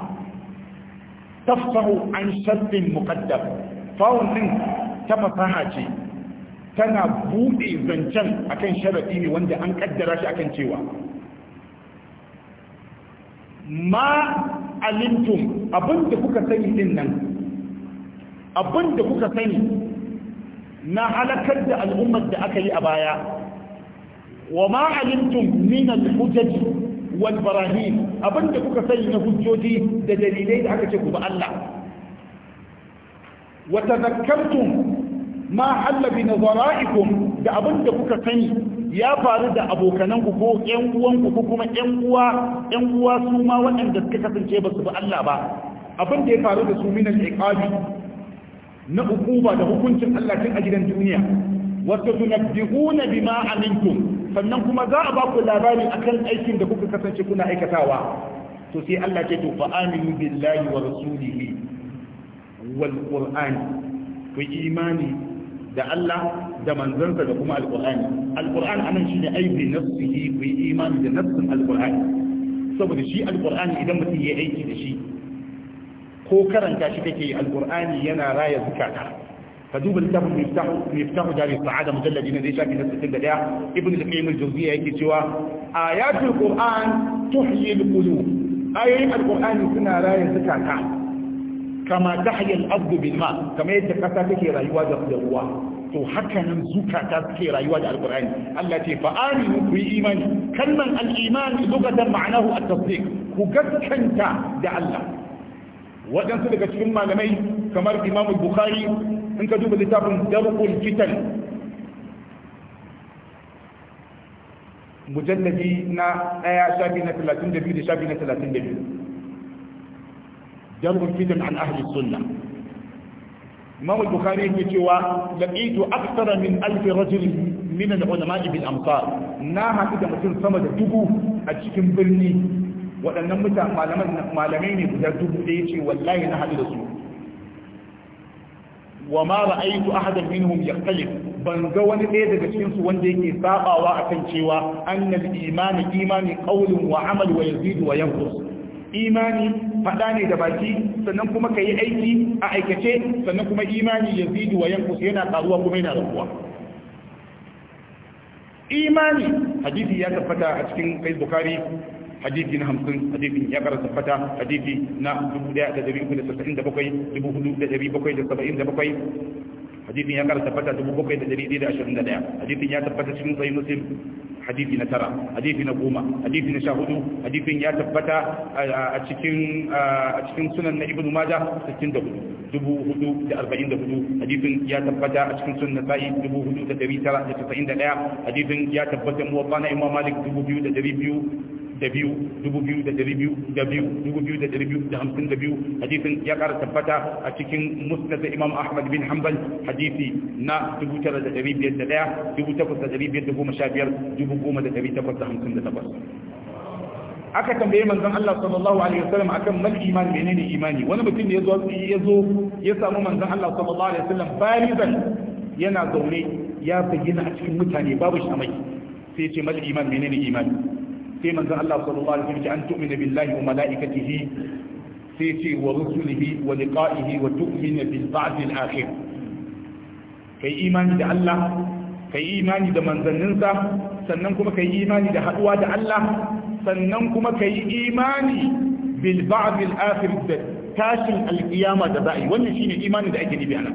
tafsahu an shartin muqaddam fa'un din ta fasaha ce tana bude zancen akan sharadi ne wanda an kaddara shi akan cewa ma alintum da kuka sani din nan abin da kuka sani na halakar da al'ummar da aka yi a baya wa ma alimtum min al-hujaj wal barahin abin da kuka sani na hujjoji da dalilai da aka ce ku ba Allah wa tadhakkartum ma halla bi nazara'ikum da abin da kuka sani ya faru da abokanan ku ko ƴan uwan ku ko kuma ƴan uwa ƴan uwa su ma waɗanda suka kasance ba su ba Allah ba abin da ya faru da su min iqabi na hukuma da hukuncin Allah tun a gidan duniya wato tunabbi'una bima amintum sannan kuma za a ba ku labari akan aikin da kuka kasance kuna aikatawa to sai Allah ke to fa aminu billahi wa rasulihi wal qur'ani ku imani da Allah da manzansa da kuma alqur'ani alqur'an anan shine aibi nafsihi ku imani da nafsin alqur'ani saboda shi alqur'ani idan mutum ya aiki da shi ko karanta shi kake alqur'ani yana raya zakata ka duba littafin miftahu miftahu jari sa'ada mujalladi na zai shafi na 61 ibn al-qayyim al-jawziyya yake cewa ayatul qur'an tuhyi al-qulub ayoyin alqur'ani suna raya zakata kama tahya al-ardu bil ma kama yadda kasa take rayuwa da ruwa to haka nan zukata suke rayuwa da alkur'ani Allah ce fa aminu ku yi imani kalman al-iman lugatan ma'anahu at-tasdiq ku gaskanta da Allah waɗansu daga cikin malamai kamar imam bukhari in ka duba littafin darbul fitan mujallabi na ɗaya shafi na talatin da biyu da shafi na talatin da biyu darbul fitan an ahli sunna imam bukhari yake cewa laqitu akthara min alf rajul min al-ulama bil amsar na haɗu da mutum sama da dubu a cikin birni waɗannan mutane malamai ne guda dubu ɗaya ce wallahi na haɗu da su wa ma ra'aytu ahadan minhum yaqtalif ban ga wani ɗaya daga cikin su wanda yake sabawa akan cewa annal imani imani ƙaunin wa amal wa yazid wa Yankus. imani faɗa ne da baki sannan kuma yi aiki a aikace sannan kuma imani yazid wa Yankus yana karuwa kuma yana rabuwa imani hadisi ya tabbata a cikin sahih bukhari hadisi na hamsin hadisi ya kara tabbata hadisi na dubu daya da dari uku da saba'in da bakwai dubu hudu da dari bakwai da saba'in da bakwai hadisi ya kara tabbata dubu bakwai da dari da ashirin da daya hadisi ya tabbata cikin sahih muslim hadisi na tara hadisi na goma hadisi na sha hudu hadisin ya tabbata a cikin a cikin sunan na ibnu da hudu dubu hudu da arba'in da hudu hadisin ya tabbata a cikin sunan nasa'i dubu hudu da dari tara da tasa'in da ɗaya hadisin ya tabbata muwatta na imam malik dubu biyu da dari biyu da biyu dubu biyu da dari biyu da biyu dubu biyu da dari biyu da hamsin da biyu hadisin ya ƙara tabbata a cikin musnad da imam ahmad bin hanbal hadisi na dubu tara da dari biyar da ɗaya dubu takwas da dari biyar da goma sha biyar dubu goma da dari takwas da hamsin da takwas aka tambaye manzon Allah sallallahu alaihi wasallam akan mal iman menene imani wani mutum ne yazo yazo ya samu manzon Allah sallallahu alaihi wasallam farizan yana zaune ya bayyana a cikin mutane babu shamai sai ya ce mal iman menene imani sai manzon Allah sallallahu alaihi wasallam an tu'mina billahi wa malaikatihi sai ce wa rusulihi wa liqa'ihi wa tu'mina bil ba'd al akhir kai imani da Allah kai imani da manzanninsa sannan kuma kai imani da haduwa da Allah sannan kuma kai imani bil ba'd al akhir da tashin alkiyama da za'i wannan shine imani da ake nibi ana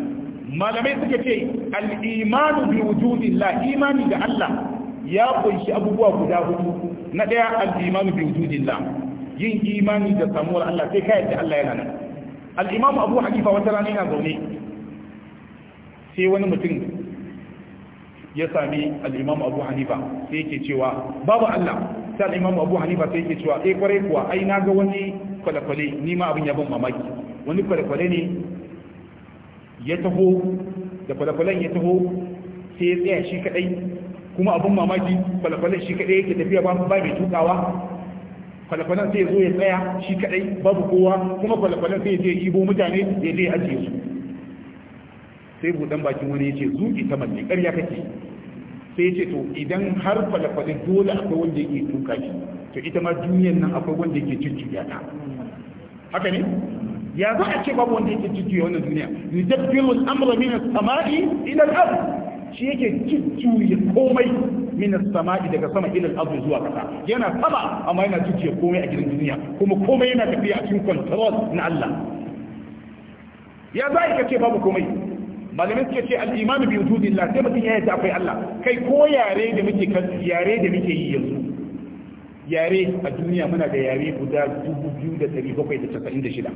malamai suka ce al imanu bi wujudillah imani da Allah ya kunshi abubuwa guda hudu na ɗaya al-imanu bi yin imani da samuwar Allah sai ka yadda Allah yana nan al Abu haƙifa wata rana yana zaune sai wani mutum ya sami al Abu Hanifa sai yake cewa babu Allah sai al Abu Hanifa sai yake cewa eh kwarai kuwa ai na ga wani kwale-kwale ni ma abin ya ban mamaki wani kwale-kwale ne ya taho da kwale-kwalen ya taho sai ya tsaya shi kadai kuma abun mamaki falafalan shi kadai yake tafiya ba ba mai tukawa falafalan sai zo ya tsaya shi kadai babu kowa kuma falafalan sai je ibo mutane ya je ajiye su sai budan bakin wani yace zuki ta mallin ƙarya kake sai yace to idan har falafalin dole akwai wanda yake tuka shi to ita ma duniyar nan akwai wanda yake cicciya ta haka ne ya za a ce babu wanda yake cicciya wannan duniya yudabbiru al-amra min as-sama'i ila al ard shi yake cuccuye komai min samai daga sama ila al zuwa kasa yana sama amma yana cuccuye komai a gidan duniya kuma komai yana tafiya a cikin control na Allah ya za zai ce babu komai malamai suka ce al-imanu bi wujudillah sai mutum ya yadda akwai Allah kai ko yare da muke yare da muke yi yanzu yare a duniya muna da yare guda 2796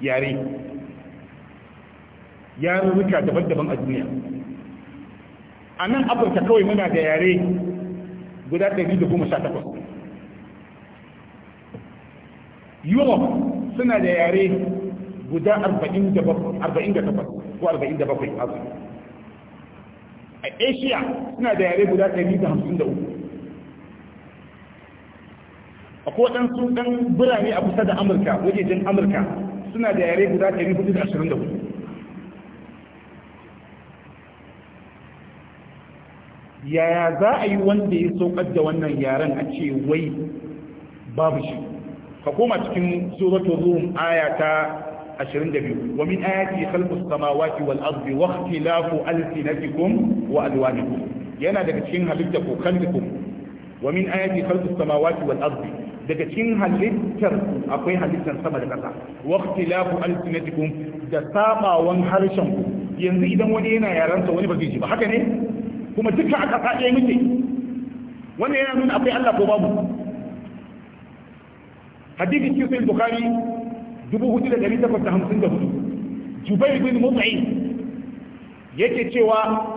yare yarurruka daban-daban a duniya a nan afirka kawai muna da yare guda 118 europe suna da yare guda 48 ko 47 a asia suna da yare guda 153 a waɗansu ɗan birane a kusa da amurka wajejen amurka suna da yare guda 424 yaya za a yi wanda ya saukar da wannan yaren a ce wai babu shi ka koma cikin suratul rum aya ta 22 wa min ayati khalqus samawati wal ardi wa ikhtilafu alsinatikum wa alwanikum yana daga cikin halitta ko kalbikum wa min ayati khalqus samawati wal ardi daga cikin halittar akwai halittar sama da ƙasa wa ikhtilafu alsinatikum da sabawan harshen yanzu idan wani yana yaransa wani ba zai ji ba haka ne kuma a aka ɗaya muke wannan yana nuna akwai Allah ko babu hadisi cikin sai bukari dubu hudu da dari takwas da hamsin da hudu jubai bin mutsayi yake cewa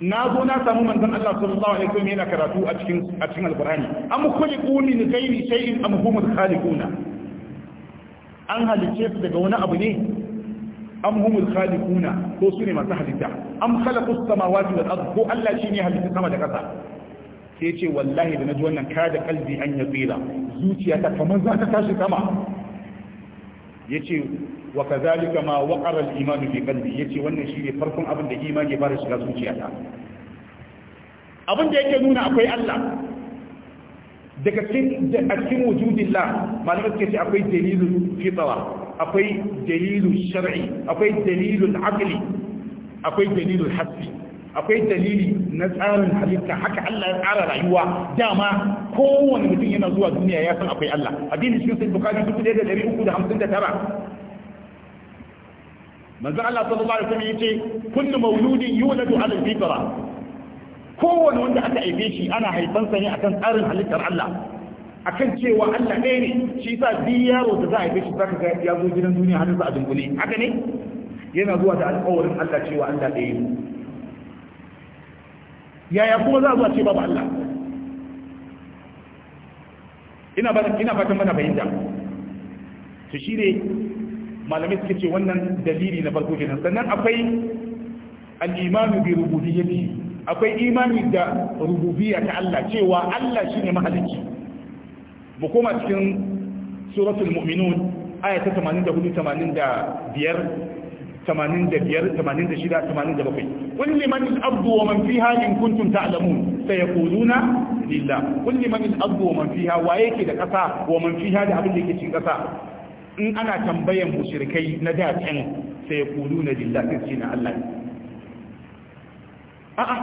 na zo na samu manzon Allah sallallahu alaihi wasallam yana karatu a cikin a cikin alqur'ani am khuliqu min ghairi shay'in am humul khaliquna an halice su daga wani abu ne am humul khaliquna ko sune masu halitta am khalaqus samawati wal ard ko Allah shine halitta sama da kasa sai ce wallahi da naji wannan kada kalbi an ya tsira zuciyata kamar za ta tashi sama yace wa kazalika ma waqara al iman fi qalbi yace wannan shine farkon abin da imani ya fara shiga zuciyata abin da yake nuna akwai Allah daga cikin a cikin wujudillah malamai suke ce akwai dalilin fitawa akwai dalilu shar'i akwai dalilul aqli akwai dalilul hasbi akwai dalili na tsarin halitta haka Allah ya tsara rayuwa dama kowane mutum yana zuwa duniya ya san akwai Allah addini cikin sai bukari 1359 manzo Allah sallallahu alaihi wasallam yace kullu mawludin yuladu ala al-fitra kowane wanda aka aibe shi ana haifansa ne akan tsarin halittar Allah akan cewa Allah ɗaya ne shi yasa duk yaro da za a yi shi zaka ga ya zo gidan duniya hannunsa a dunkule haka ne yana zuwa da alƙawarin Allah cewa Allah ɗaya ne yaya kuma za a zuwa ce babu Allah ina ba ina fatan mana bayyana to shi ne malamai suke ce wannan dalili na farko kenan sannan akwai al-imanu bi rububiyyati akwai imani da rububiyya ta Allah cewa Allah shine mahalicci mu koma cikin suratul mu'minun ayata 85 kul liman al-abdu wa man fiha in kuntum ta'lamun sayaquluna lillah kul liman al-abdu wa man fiha wa yake da kasa wa man fiha da abin da ƙasa? in ana tambayan mushrikai na da can sayaquluna lillah sai cin Allah a a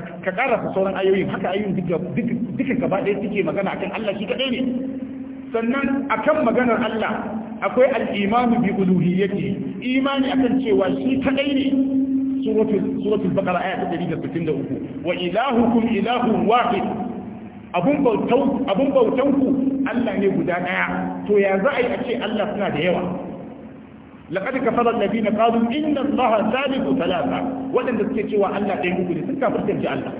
ka karasa sauran ayoyin haka ayoyin duka gaba ɗaya suke magana akan Allah shi kaɗai ne sannan akan maganar Allah akwai al'imanu bi yake. imani akan cewa shi kaɗai ne suratul baqara aya ta 163 wa ilahukum ilahun wahid abun bautan abun Allah ne guda ɗaya to ya za a yi a ce Allah suna da yawa laqad kafara alladhina qalu inna allaha thalithu thalatha wadanda suke cewa Allah ɗaya uku ne sun kafirta ji Allah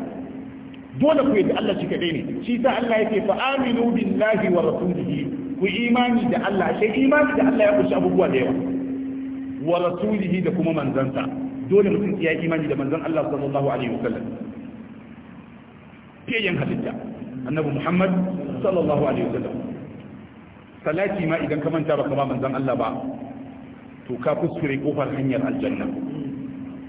dole ku yadda Allah shi kadai ne shi sa Allah yake fa aminu billahi wa rasulihi ku imani da Allah shi imani da Allah ya kushi abubuwa da yawa wa rasulihi da kuma manzansa dole mutum ya yi imani da manzon Allah sallallahu alaihi wasallam fiyayen halitta annabi Muhammad sallallahu alaihi wasallam salati ma idan ka manta ba ba manzan Allah ba to ka kuskure kofar hanyar aljanna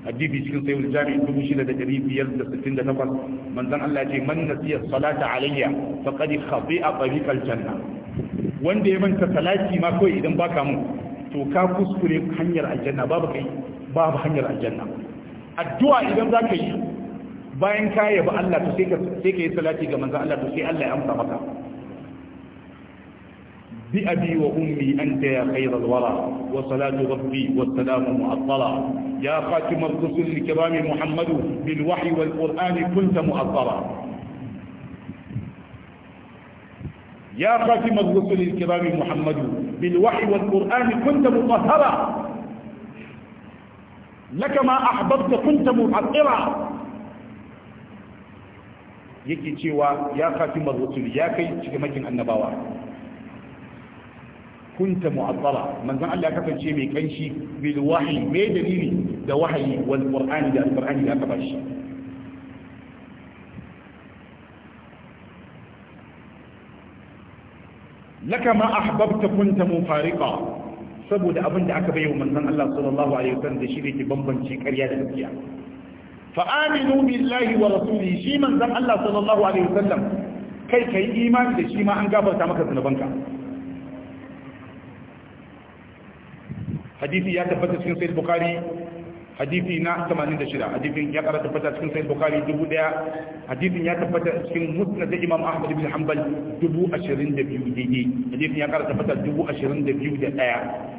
hadisi cikin sayyid jami'i dubu shida da dari biyar da sittin da takwas manzon Allah ya ce man nasiya salata alayya faqad khati'a tariq janna. wanda ya manta salati ma kawai idan baka mu to ka kuskure hanyar aljanna babu kai babu hanyar aljanna addu'a idan zaka yi bayan ka yabi Allah to sai ka sai ka yi salati ga manzon Allah to sai Allah ya amsa maka بأبي وأمي أنت يا خير الورى وصلاة ربي والسلام معطلا يا خاتم الرسل الكرام محمد بالوحي والقرآن كنت مؤطرا يا خاتم الرسل الكرام محمد بالوحي والقرآن كنت مطهرا لك ما أحببت كنت معطرا تشيوا يا خاتم الرسل يا كي kai cikamakin annabawa kunta mu'azzara manzon Allah ya kasance mai kanshi bil wahyi mai dalili da wahayi wal qur'ani da alqur'ani da aka shi. laka ma ahbabta kunta mufariqa saboda abin da aka bayyana manzon Allah sallallahu alaihi wasallam da shi ne ke bambance ƙarya da gaskiya fa aminu billahi wa rasulihi shi manzon Allah sallallahu alaihi wasallam kai kai imani da shi ma an gafarta maka zunubanka hadisi ya tabbata cikin Sayyid bukhari hadisi na 86 hadisin ya kara tabbata cikin Sayyid bukhari 1000 hadisin ya tabbata cikin musnad imam ahmad ibn hanbal 22 daidai hadisin ya kara tabbata 22 da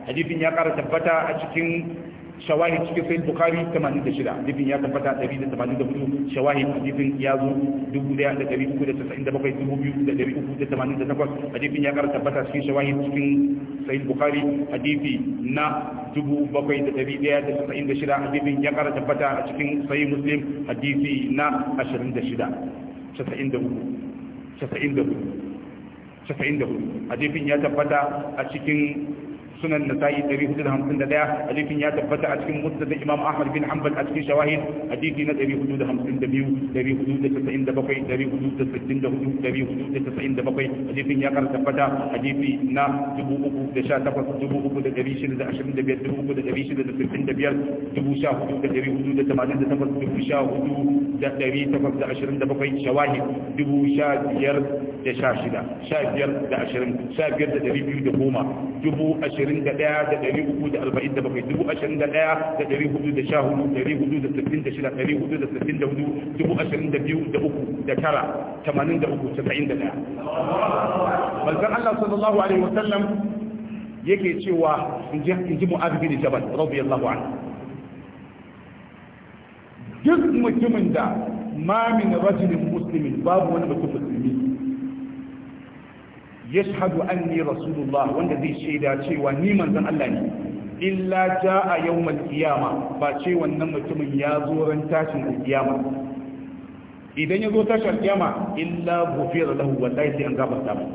hadisin ya kara tabbata a cikin shawahid cikin Sayyid bukhari 86 hadisin ya tabbata 184 shawahid hadisin ya zo 1397 2388 hadisin ya kara tabbata cikin shawahid cikin sahih bukhari hadisi na dubu bakwai da da da dari daya shida hadisin ya kara tabbata a cikin sahih muslim hadisi na 26 94 hadisin ya tabbata a cikin sunan nasa'i 451 hadisin ya tabbata a cikin musnad imam ahmad bin hanbal a cikin shawahid hadisi na 452 497 464 497 ya tabbata hadisi na 318 ashirin da ɗaya da ɗari uku da arba'in da bakwai dubu ashirin da ɗaya da ɗari hudu da sha hudu ɗari hudu da sittin da shida ɗari hudu da sittin da hudu dubu ashirin da biyu da uku da tara tamanin da uku casa'in da ɗaya. Manzon Allah sallallahu alaihi wasallam yake cewa in ji Mu'adh bin Jabal radiyallahu anhu. Duk mutumin da ma min rajulin muslimin babu wani mutum musulmi Ya shahadu an anni rasulullah wanda zai shaida cewa ni manzan Allah ne illa a yau qiyama ba ce wannan mutumin ya zo ran tashin kiyama idan ya zo tashin kiyama illa ghufira lahu wallahi sai an gafarta masa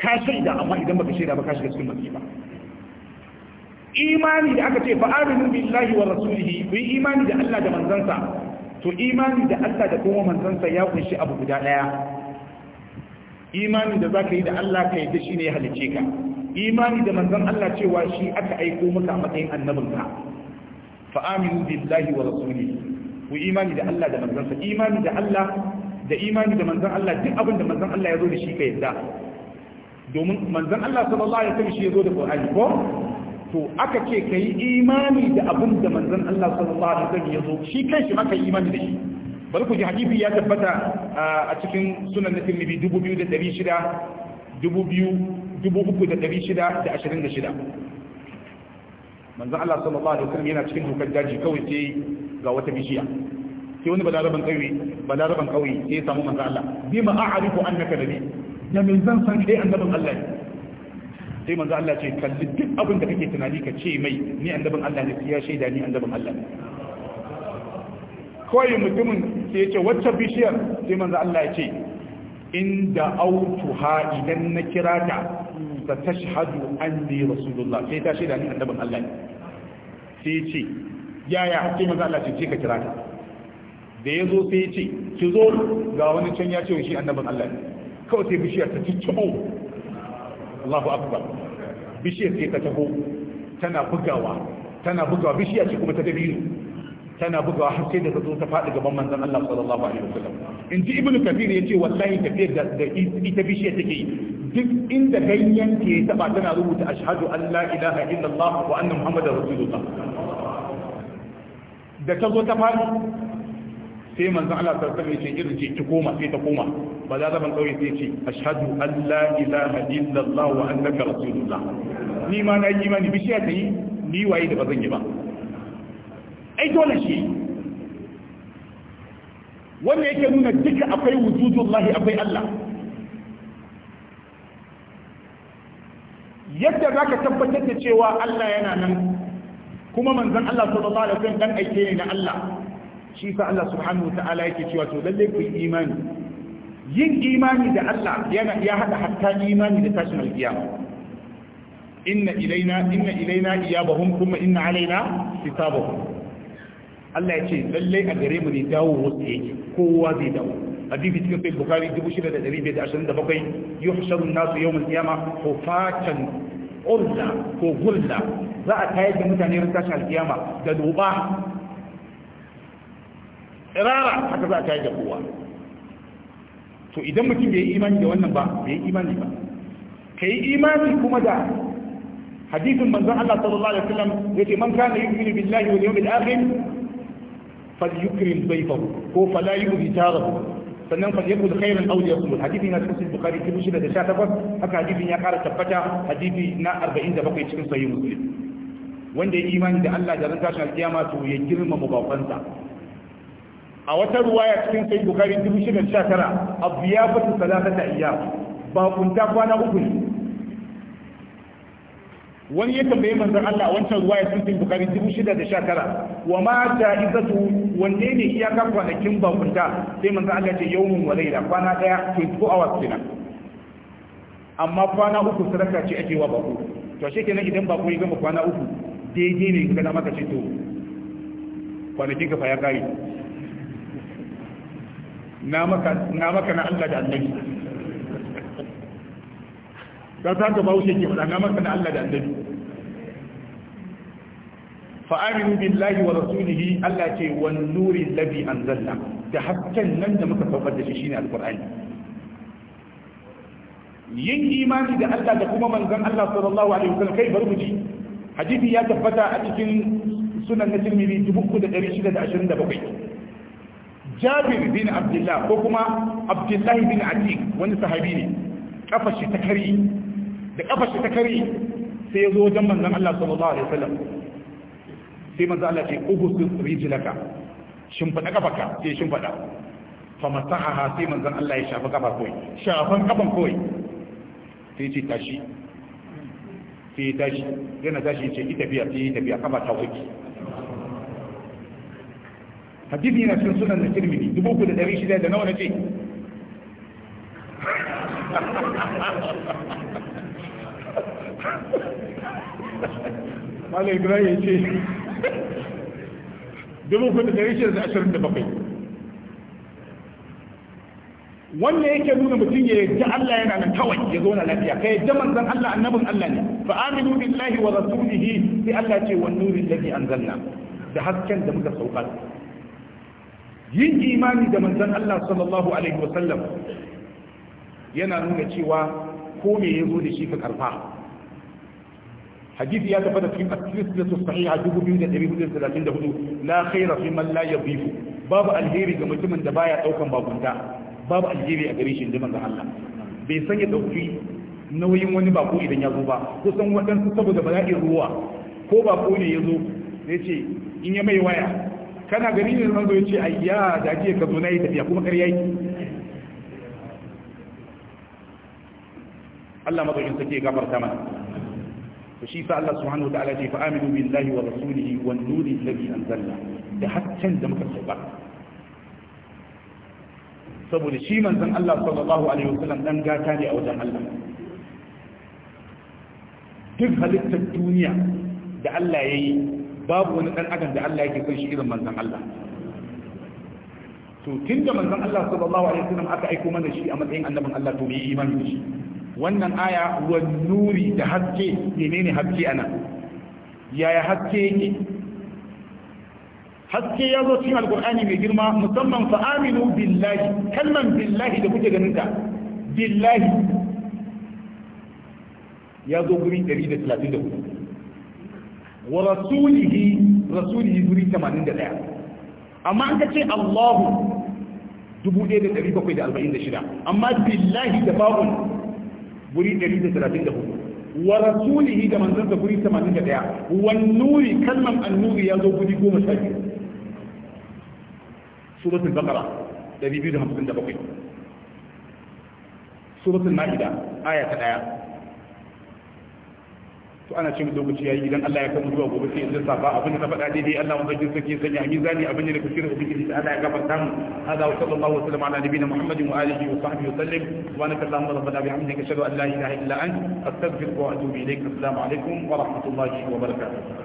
ka shaida amma idan baka shaida ba ka shiga cikin masifa imani da aka ce fa aminu billahi wa rasulihi ku imani da Allah da manzansa to imani da Allah da kuma manzansa ya kunshi abu guda daya imani da za ka yi da Allah ka yadda ne ya halice ka imani da manzan Allah cewa shi aka aiko maka a matsayin annabinka fa aminu billahi wa rasulihi ku imani da Allah da manzansa. imani da Allah da imani da manzan Allah duk abin da manzan Allah ya zo da shi ka yadda domin manzan Allah sallallahu alaihi wasallam shi ya zo da Qur'ani ko to aka ce kai imani da abin da manzan Allah sallallahu alaihi wasallam ya zo shi kanshi maka imani da shi bari ku ji hadisi ya tabbata a cikin sunan na tirmidhi dubu biyu da ɗari shida dubu biyu dubu uku da ɗari shida da ashirin da shida manzo Allah sallallahu alaihi wasallam yana cikin dokar daji kawai sai ga wata bishiya sai wani balaraban kauye balaraban kauye sai ya samu manzo Allah bima a'rifu annaka nabi da me zan san kai annabin Allah ne sai manzo Allah ce kalli duk abin da kake tunani ka ce mai ni annabin Allah ne ya shaida ni annabin Allah ne kawai mutumin sai ya ce wacce bishiyar sai manzo Allah ya ce inda autuha idan na kira ta ta tashhadu anni rasulullah sai ta shaida ni annabin Allah sai ya ce yaya sai manzo Allah ya ce ka kira ta da yazo sai ya ce ki zo ga wani can ya ce shi annabin Allah kawai sai bishiyar ta ciccibo Allahu akbar bishiyar sai ta taho tana bugawa tana bugawa bishiyar ce kuma ta dabino tana bugawa har sai da ta zo ta faɗi gaban manzon Allah sallallahu alaihi wasallam in ji ibnu kabir yace wallahi tafiyar da da ita bishiya take yi duk inda ganyen ke taba tana rubuta ashhadu an la ilaha illallah wa anna muhammadar rasulullah da ta zo ta faɗi sai manzon Allah sallallahu alaihi wasallam yace irji ki koma sai ta koma ba za ban kauye sai ce ashhadu an la ilaha illallah wa annaka rasulullah ni ma na yi imani bishiya ta yi ni waye da bazan yi ba ai dole shi wanda yake nuna duka akwai wujudullahi akwai Allah yadda za ka tabbatar da cewa Allah yana nan kuma manzan Allah sallallahu alaihi wasallam dan aike ne na Allah shi sa Allah subhanahu wa ta'ala yake cewa to lalle ku imani yin imani da Allah yana ya hada hatta imani da tashin alkiyama inna ilaina inna ilaina iyabahum kuma inna alaina hisabahum Allah ya ce lallai a gare mu ne dawo wasu yake kowa zai dawo hadisi cikin sai bukari 6527 yuhsharu nasu yau yawmal ko fatan urda ko gulla za a tayar da mutane ran tashin alkiyama da duba rara haka za a tayar da kowa to idan mutum bai yi imani da wannan ba bai yi imani ba ka yi imani kuma da hadisin manzon Allah sallallahu alaihi wasallam yace man kana yu'minu billahi wal yawmil akhir falyukrim dayfahu ko fala yubi tarahu sannan fa yakul khairan aw yakul hadisi na cikin bukhari takwas haka hadisin ya kara tabbata hadisi na arba'in da bakwai cikin sahih muslim wanda ya imani da Allah da ran tashin alkiyama to ya girmama bakonsa a wata ruwaya cikin sahih bukhari 2019 abiyafatu salatata ayyam ba kunta kwana uku ne wani ya tambaye manzon Allah wancan ruwa ya sun bukari dubu shida da sha tara wa ma ta izatu wanne ne iyaka kwanakin bakunta sai manzon Allah ce yawmun wa da kwana daya 24 hours kenan amma kwana uku sadaka ce ake wa bako to shi kenan idan bako ya gama kwana uku daidai ne ga na maka ce to kwanakin ka fa ya kare na maka na Allah da annabi ta ta ta bawo shi ke faɗa na maka na Allah da annabi fa'aminu billahi wa rasulihi Allah ce wan nuri ladhi anzalna da hasken nan da muka saukar da shi shine al alqur'ani yin imani da Allah da kuma manzon Allah sallallahu alaihi wasallam kai bari mu ji hadisi ya tabbata a cikin sunan na Tirmidhi bakwai. Jabir bin Abdullah ko kuma Abdullah bin Atiq wani sahabi ne kafashi ta kari da kafashi ta kari sai ya zo wajen manzon Allah sallallahu alaihi wasallam sai manzo Allah ce ubusun rijlaka shimfada kafarka sai shimfada fa masahaha sai manzo Allah ya shafa kafar koi shafan kafan koi sai ce tashi sai tashi yana tashi ce ita biya sai ita biya kafa ta wuce hadisi yana cikin sunan da Tirmidhi 3600 da dari shida da nawa nace [LAUGHS] Malai Ibrahim ce dubu hudu da shida da ashirin da bakwai wannan yake nuna mutum ya yadda Allah yana nan kawai ya zauna lafiya kai yadda manzon Allah annabin Allah ne fa aminu billahi wa rasulihi sai Allah ce wan nurin ladhi anzalna da hasken da muka saukar yin imani da manzon Allah sallallahu alaihi wa sallam yana nuna cewa ko me yazo da shi ka karfa hadisi ya tabbata cikin as-silsilatu sahiha 2434 la khaira fi man la yadhifu babu alheri ga mutumin da baya daukan bakunta babu alheri a gare shi da manzo Allah bai san ya dauki nauyin wani bako idan ya zo ba kusan waɗansu saboda bala'in ruwa ko bako ne ya zo ya ce in ya mai waya kana gari ne zan zo ya ce ayya da ake ka zo na yi tafiya kuma ƙarya yi Allah mazaukin sake gafarta mana to shi sa Allah subhanahu wa ta'ala ce fa aminu billahi wa rasulihi wan nuri alladhi anzalna da haccen da muka sauka saboda shi manzon Allah sallallahu alaihi wasallam dan gata ne a wajen Allah duk halittar duniya da Allah ya yi babu wani dan adam da Allah yake son shi irin manzon Allah to tunda manzon Allah sallallahu alaihi wasallam aka aika mana shi a matsayin annabin Allah to mu yi imani da shi wannan aya wa nuri da haske menene haske ana yaya haske yake haske ya zo cikin alkur'ani mai girma musamman fa aminu billahi kalman billahi da kuke ganin ta billahi ya zo guri 134 wa rasulihi rasulihi guri 81 amma an ka ce allahu 1746 amma billahi da babun guri 134 wa rasulihi da manzansa guri 81 wan nuri kalman annuri ya zo guri 12 suratul baqara 257 suratul maida aya ta 1 to ana cin lokaci yayi idan Allah ya kama zuwa gobe sai idan safa abin da faɗa daidai Allah wanda jin sake sanya a mizani abin da kafir da kike da Allah ya gafarta mu hada wa sallallahu wa sallam ala nabiyina muhammadin wa alihi wa sahbihi wa sallam subhanaka allahumma rabbana bihamdika ashhadu an la ilaha illa anta astaghfiruka wa atubu ilaik assalamu alaikum wa rahmatullahi wa barakatuh